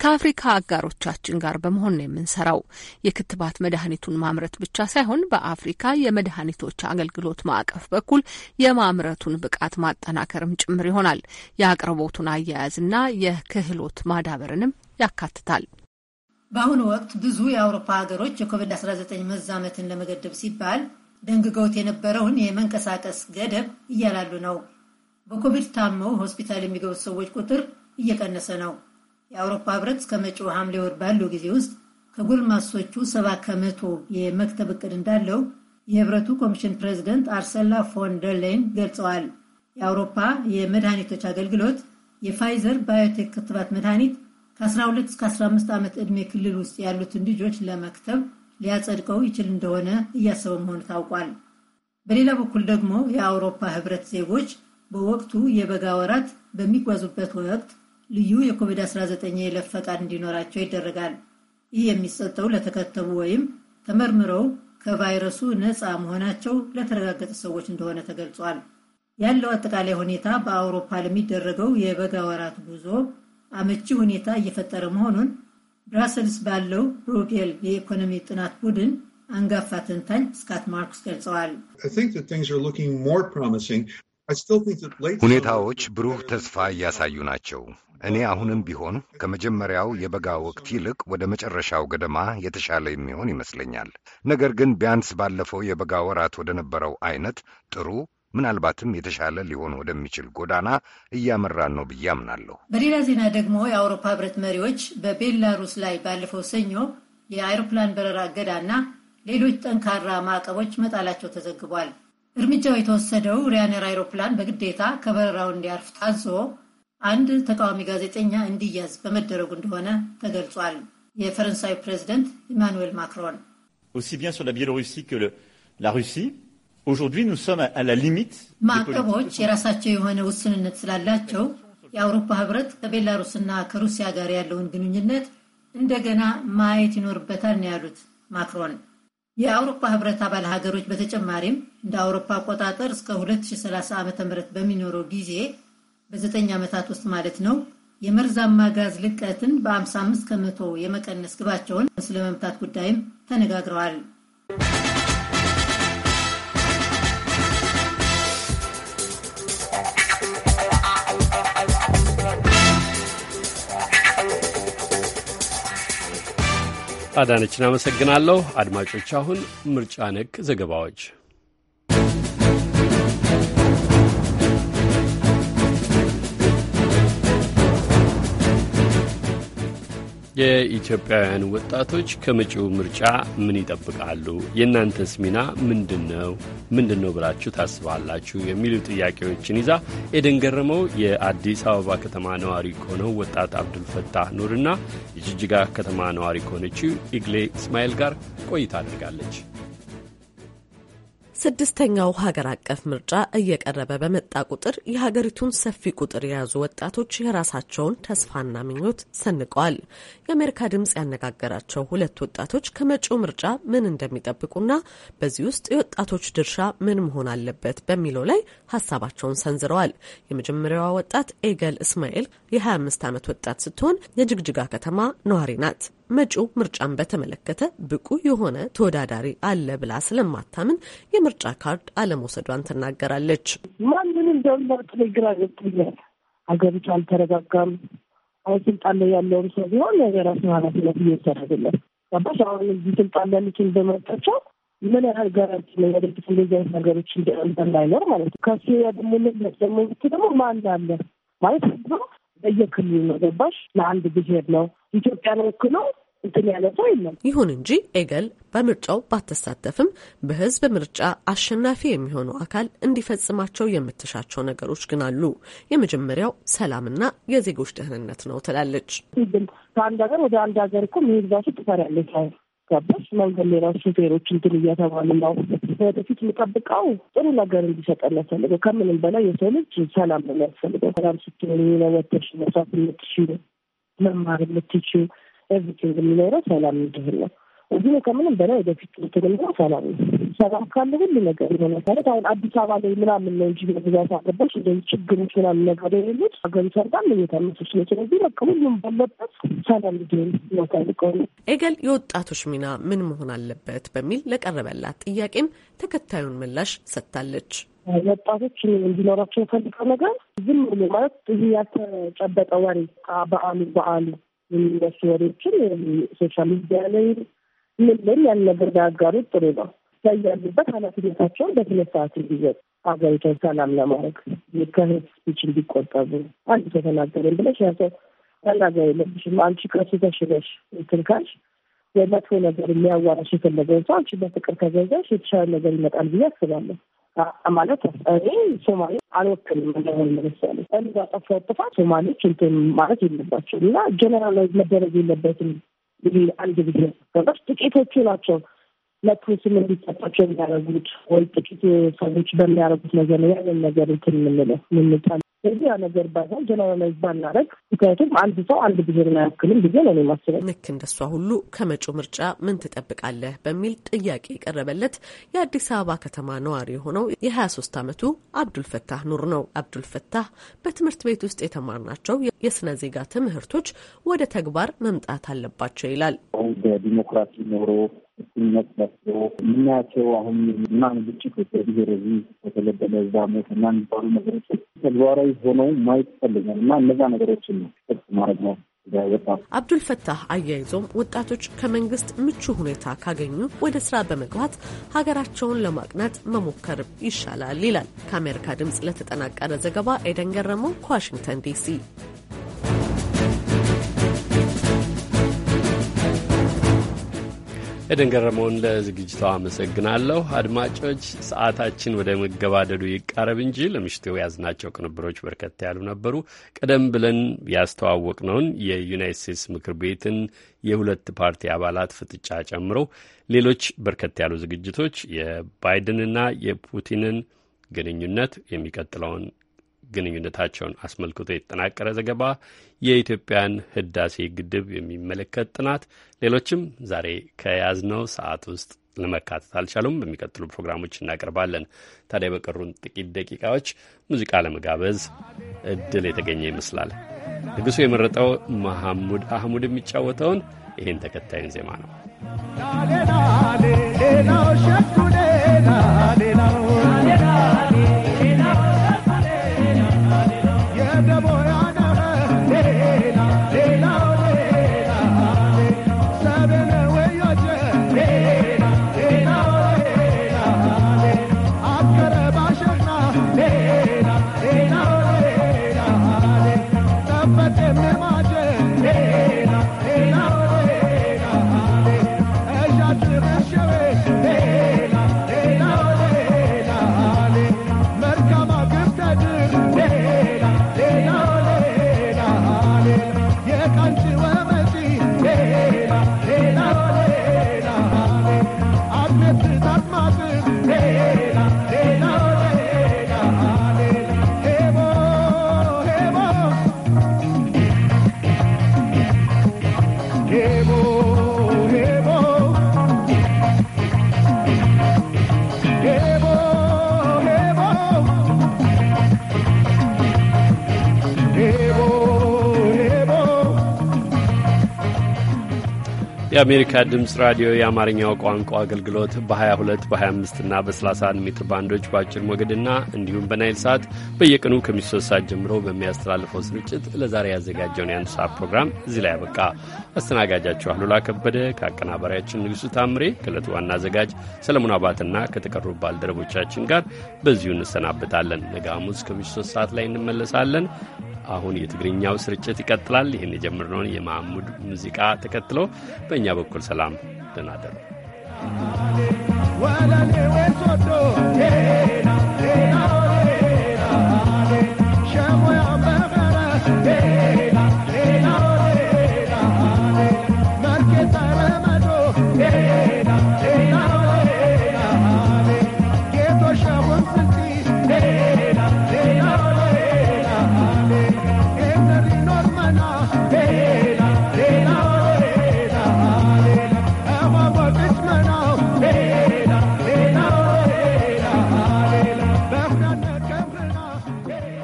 ከአፍሪካ አጋሮቻችን ጋር በመሆን ነው የምንሰራው። የክትባት መድኃኒቱን ማምረት ብቻ ሳይሆን በአፍሪካ የመድኃኒቶች አገልግሎት ማዕቀፍ በኩል የማምረቱን ብቃት ማጠናከርም ጭምር ይሆናል። የአቅርቦቱን አያያዝና የክህሎት ማዳበርንም ያካትታል። በአሁኑ ወቅት ብዙ የአውሮፓ ሀገሮች የኮቪድ-19 መዛመትን ለመገደብ ሲባል ደንግገውት የነበረውን የመንቀሳቀስ ገደብ እያላሉ ነው። በኮቪድ ታመው ሆስፒታል የሚገቡት ሰዎች ቁጥር እየቀነሰ ነው። የአውሮፓ ህብረት እስከ መጪው ሐምሌ ወር ባለው ጊዜ ውስጥ ከጎልማሶቹ ሰባ ከመቶ የመክተብ እቅድ እንዳለው የህብረቱ ኮሚሽን ፕሬዚደንት አርሰላ ፎን ደር ላይን ገልጸዋል። የአውሮፓ የመድኃኒቶች አገልግሎት የፋይዘር ባዮቴክ ክትባት መድኃኒት ከ12 እስከ 15 ዓመት ዕድሜ ክልል ውስጥ ያሉትን ልጆች ለመክተብ ሊያጸድቀው ይችል እንደሆነ እያሰበ መሆኑ ታውቋል። በሌላ በኩል ደግሞ የአውሮፓ ህብረት ዜጎች በወቅቱ የበጋ ወራት በሚጓዙበት ወቅት ልዩ የኮቪድ-19 የይለፍ ፈቃድ እንዲኖራቸው ይደረጋል። ይህ የሚሰጠው ለተከተቡ ወይም ተመርምረው ከቫይረሱ ነፃ መሆናቸው ለተረጋገጠ ሰዎች እንደሆነ ተገልጿል። ያለው አጠቃላይ ሁኔታ በአውሮፓ ለሚደረገው የበጋ ወራት ጉዞ አመቺ ሁኔታ እየፈጠረ መሆኑን ብራሰልስ ባለው ሮቤል የኢኮኖሚ ጥናት ቡድን አንጋፋ ተንታኝ ስካት ማርክስ ገልጸዋል። ሁኔታዎች ብሩህ ተስፋ እያሳዩ ናቸው። እኔ አሁንም ቢሆን ከመጀመሪያው የበጋ ወቅት ይልቅ ወደ መጨረሻው ገደማ የተሻለ የሚሆን ይመስለኛል። ነገር ግን ቢያንስ ባለፈው የበጋ ወራት ወደ ነበረው አይነት ጥሩ ምናልባትም የተሻለ ሊሆን ወደሚችል ጎዳና እያመራን ነው ብዬ አምናለሁ። በሌላ ዜና ደግሞ የአውሮፓ ህብረት መሪዎች በቤላሩስ ላይ ባለፈው ሰኞ የአይሮፕላን በረራ እገዳና ሌሎች ጠንካራ ማዕቀቦች መጣላቸው ተዘግቧል። እርምጃው የተወሰደው ሪያነር አይሮፕላን በግዴታ ከበረራው እንዲያርፍ ታዞ አንድ ተቃዋሚ ጋዜጠኛ እንዲያዝ በመደረጉ እንደሆነ ተገልጿል። የፈረንሳዩ ፕሬዚደንት ኢማኑዌል ማክሮን aussi bien sur la Biélorussie que la Russie ማዕቀቦች የራሳቸው የሆነ ውስንነት ስላላቸው የአውሮፓ ህብረት ከቤላሩስና ከሩሲያ ጋር ያለውን ግንኙነት እንደገና ማየት ይኖርበታል ነው ያሉት ማክሮን። የአውሮፓ ህብረት አባል ሀገሮች በተጨማሪም እንደ አውሮፓ አቆጣጠር እስከ 2030 ዓ ም በሚኖረው ጊዜ በዘጠኝ ዓመታት ውስጥ ማለት ነው የመርዛማ ጋዝ ልቀትን በ55 ከመቶ የመቀነስ ግባቸውን ስለመምታት ጉዳይም ተነጋግረዋል። አዳነችን አመሰግናለሁ። አድማጮች፣ አሁን ምርጫ ነክ ዘገባዎች የኢትዮጵያውያን ወጣቶች ከመጪው ምርጫ ምን ይጠብቃሉ? የእናንተስ ሚና ምንድን ነው? ምንድን ነው ብላችሁ ታስባላችሁ? የሚሉ ጥያቄዎችን ይዛ ኤደን ገረመው የአዲስ አበባ ከተማ ነዋሪ ከሆነው ወጣት አብዱልፈታህ ኑርና የጅጅጋ ከተማ ነዋሪ ከሆነችው ኢግሌ እስማኤል ጋር ቆይታ አድርጋለች። ስድስተኛው ሀገር አቀፍ ምርጫ እየቀረበ በመጣ ቁጥር የሀገሪቱን ሰፊ ቁጥር የያዙ ወጣቶች የራሳቸውን ተስፋና ምኞት ሰንቀዋል። የአሜሪካ ድምጽ ያነጋገራቸው ሁለት ወጣቶች ከመጪው ምርጫ ምን እንደሚጠብቁና በዚህ ውስጥ የወጣቶች ድርሻ ምን መሆን አለበት በሚለው ላይ ሀሳባቸውን ሰንዝረዋል። የመጀመሪያዋ ወጣት ኤገል እስማኤል የ25 ዓመት ወጣት ስትሆን የጅግጅጋ ከተማ ነዋሪ ናት። መጪው ምርጫን በተመለከተ ብቁ የሆነ ተወዳዳሪ አለ ብላ ስለማታምን የምርጫ ካርድ አለመውሰዷን ትናገራለች። ማን ማንንም በምመርጥ ላይ ግራ ገብቶኛል። ሀገሪቱ አልተረጋጋም። አሁን ስልጣን ላይ ያለውን ሰው ቢሆን የራሱ ኃላፊነት እየተደረገለን ባባሽ አሁን እዚህ ስልጣን ያሉትን በመርጣቸው ምን ያህል ጋራንቲ ነው ያደርግት እንደዚህ አይነት ነገሮች እንዳይኖር ማለት ነው። ከሱ ደግሞ ደግሞ ደግሞ ማን አለ ማለት ነው በየክልሉ ነው ገባሽ? ለአንድ ብሄር ነው ኢትዮጵያን ወክሎ እንትን ያለ ሰው የለም። ይሁን እንጂ ኤገል በምርጫው ባትሳተፍም በህዝብ ምርጫ አሸናፊ የሚሆነው አካል እንዲፈጽማቸው የምትሻቸው ነገሮች ግን አሉ። የመጀመሪያው ሰላምና የዜጎች ደህንነት ነው ትላለች። ከአንድ ሀገር ወደ አንድ ሀገር እኮ መሄድ እራሱ ትፈሪያለሽ። ሲጋበስ መንገድ ላይ ሹፌሮች እንትን እየተባሉ ነው። ወደፊት የምጠብቀው ጥሩ ነገር እንዲሰጠን ያስፈልገው። ከምንም በላይ የሰው ልጅ ሰላም ነው የሚያስፈልገው። ሰላም ስትሆን ወተሽ መስራት የምትችሉ መማር የምትችሉ ኤቭሪቲንግ የሚኖረው ሰላም እንድህል ነው። እዚህ ከምንም በላይ ወደፊት እንትን ሰላም ነው። ሰላም ካለ ሁሉ ነገር የሆነ መሰረት አሁን አዲስ አበባ ላይ ምናምን ነው እንጂ በብዛት አገባሽ እንደዚህ ችግሮች ምናምን ነገር የሌሉት ሀገሩ በጣም እየታመሰች ነው። ስለዚህ በቃ ሁሉም ባለበት ሰላም ጊዜን ያሳልቀው ነው። ኤገል የወጣቶች ሚና ምን መሆን አለበት በሚል ለቀረበላት ጥያቄም ተከታዩን ምላሽ ሰጥታለች። ወጣቶች እንዲኖራቸው ፈልገው ነገር ዝም ብሎ ማለት ይህ ያልተጨበጠ ወሬ በዓሉ በዓሉ የሚነሱ ወሬዎችን ሶሻል ሚዲያ ላይ ምን ምን ያን ነገር ቢያጋሩ ጥሩ ነው። ያሉበት ኃላፊነታቸውን በስነ ስርዓት እንዲወጡ ሀገሪቷን ሰላም ለማድረግ ከህት ስፒች እንዲቆጠቡ አንድ ሰው ተናገረን ብለሽ ያ ሰው ተናገር የለብሽም አንቺ ከሱ ተሽለሽ ትንካሽ የመጥፎ ነገር የሚያዋራሽ የፈለገውን ሰው አንቺ በፍቅር ከገዛሽ የተሻለ ነገር ይመጣል ብዬ አስባለሁ። ማለት እኔ ሶማሌ አልወክልም እንደሆን ለምሳሌ እኔ ባጠፋው ጥፋት ሶማሌዎች እንትን ማለት የለባቸው እና ጀነራላይዝ መደረግ የለበትም። አንድ ጊዜ ጥቂቶቹ ናቸው መብቱን እንዲሰጣቸው የሚያደርጉት ወይ ጥቂት ሰዎች በሚያደርጉት ነገር ነው ያንን ነገር እንትን የምንለው የምንጣል ስለዚህ ያ ነገር ባይሆን ጀነራላይዝ ባናረግ፣ ምክንያቱም አንድ ሰው አንድ ብሔርን አያክልም ብዬ ነው የማስበው። ልክ እንደሷ ሁሉ ከመጪው ምርጫ ምን ትጠብቃለህ በሚል ጥያቄ የቀረበለት የአዲስ አበባ ከተማ ነዋሪ የሆነው የሀያ ሶስት አመቱ አብዱልፈታህ ኑር ነው። አብዱልፈታህ በትምህርት ቤት ውስጥ የተማርናቸው የስነ ዜጋ ትምህርቶች ወደ ተግባር መምጣት አለባቸው ይላል። በዲሞክራሲ ኖሮ እኩልነት መጥቶ የምናያቸው አሁን ምናም ግጭቶች በብሔር እዚህ በተገደለ እዛ ሞት እና የሚባሉ ነገሮች ተግባራዊ ሆነው ማየት ይፈልጋል እና እነዛ ነገሮችን ነው ጥቅስ ማድረግ ነው። አብዱልፈታህ አያይዞም ወጣቶች ከመንግስት ምቹ ሁኔታ ካገኙ ወደ ስራ በመግባት ሀገራቸውን ለማቅናት መሞከር ይሻላል ይላል። ከአሜሪካ ድምፅ ለተጠናቀረ ዘገባ ኤደን ገረመው ከዋሽንግተን ዲሲ ኤደን ገረመውን ለዝግጅቷ አመሰግናለሁ። አድማጮች ሰዓታችን ወደ መገባደዱ ይቃረብ እንጂ ለምሽቱ የያዝናቸው ቅንብሮች በርከት ያሉ ነበሩ። ቀደም ብለን ያስተዋወቅነውን የዩናይት ስቴትስ ምክር ቤትን የሁለት ፓርቲ አባላት ፍጥጫ ጨምሮ ሌሎች በርከት ያሉ ዝግጅቶች የባይደንና የፑቲንን ግንኙነት የሚቀጥለውን ግንኙነታቸውን አስመልክቶ የተጠናቀረ ዘገባ፣ የኢትዮጵያን ህዳሴ ግድብ የሚመለከት ጥናት፣ ሌሎችም ዛሬ ከያዝነው ሰዓት ውስጥ ለመካተት አልቻሉም። በሚቀጥሉ ፕሮግራሞች እናቀርባለን። ታዲያ በቀሩን ጥቂት ደቂቃዎች ሙዚቃ ለመጋበዝ እድል የተገኘ ይመስላል። ንጉሱ የመረጠው መሐሙድ አህሙድ የሚጫወተውን ይህን ተከታዩን ዜማ ነው። ሌላው ሌላ ሌላው Thank you. የአሜሪካ ድምፅ ራዲዮ የአማርኛው ቋንቋ አገልግሎት በ22 በ25 እና በ31 ሜትር ባንዶች በአጭር ሞገድና እንዲሁም በናይል ሰዓት በየቀኑ ከምሽቱ ሰዓት ጀምሮ በሚያስተላልፈው ስርጭት ለዛሬ ያዘጋጀውን የአንድ ሰዓት ፕሮግራም እዚህ ላይ ያበቃ። አስተናጋጃችሁ አሉላ ከበደ ከአቀናባሪያችን ንጉሡ ታምሬ ከዕለቱ ዋና አዘጋጅ ሰለሞን አባትና ከተቀሩ ባልደረቦቻችን ጋር በዚሁ እንሰናበታለን። ነገ ሐሙስ ከምሽቱ ሰዓት ላይ እንመለሳለን። አሁን የትግርኛው ስርጭት ይቀጥላል። ይህን የጀመርነውን የማህሙድ ሙዚቃ ተከትሎ በእኛ በኩል ሰላም ደናደሩ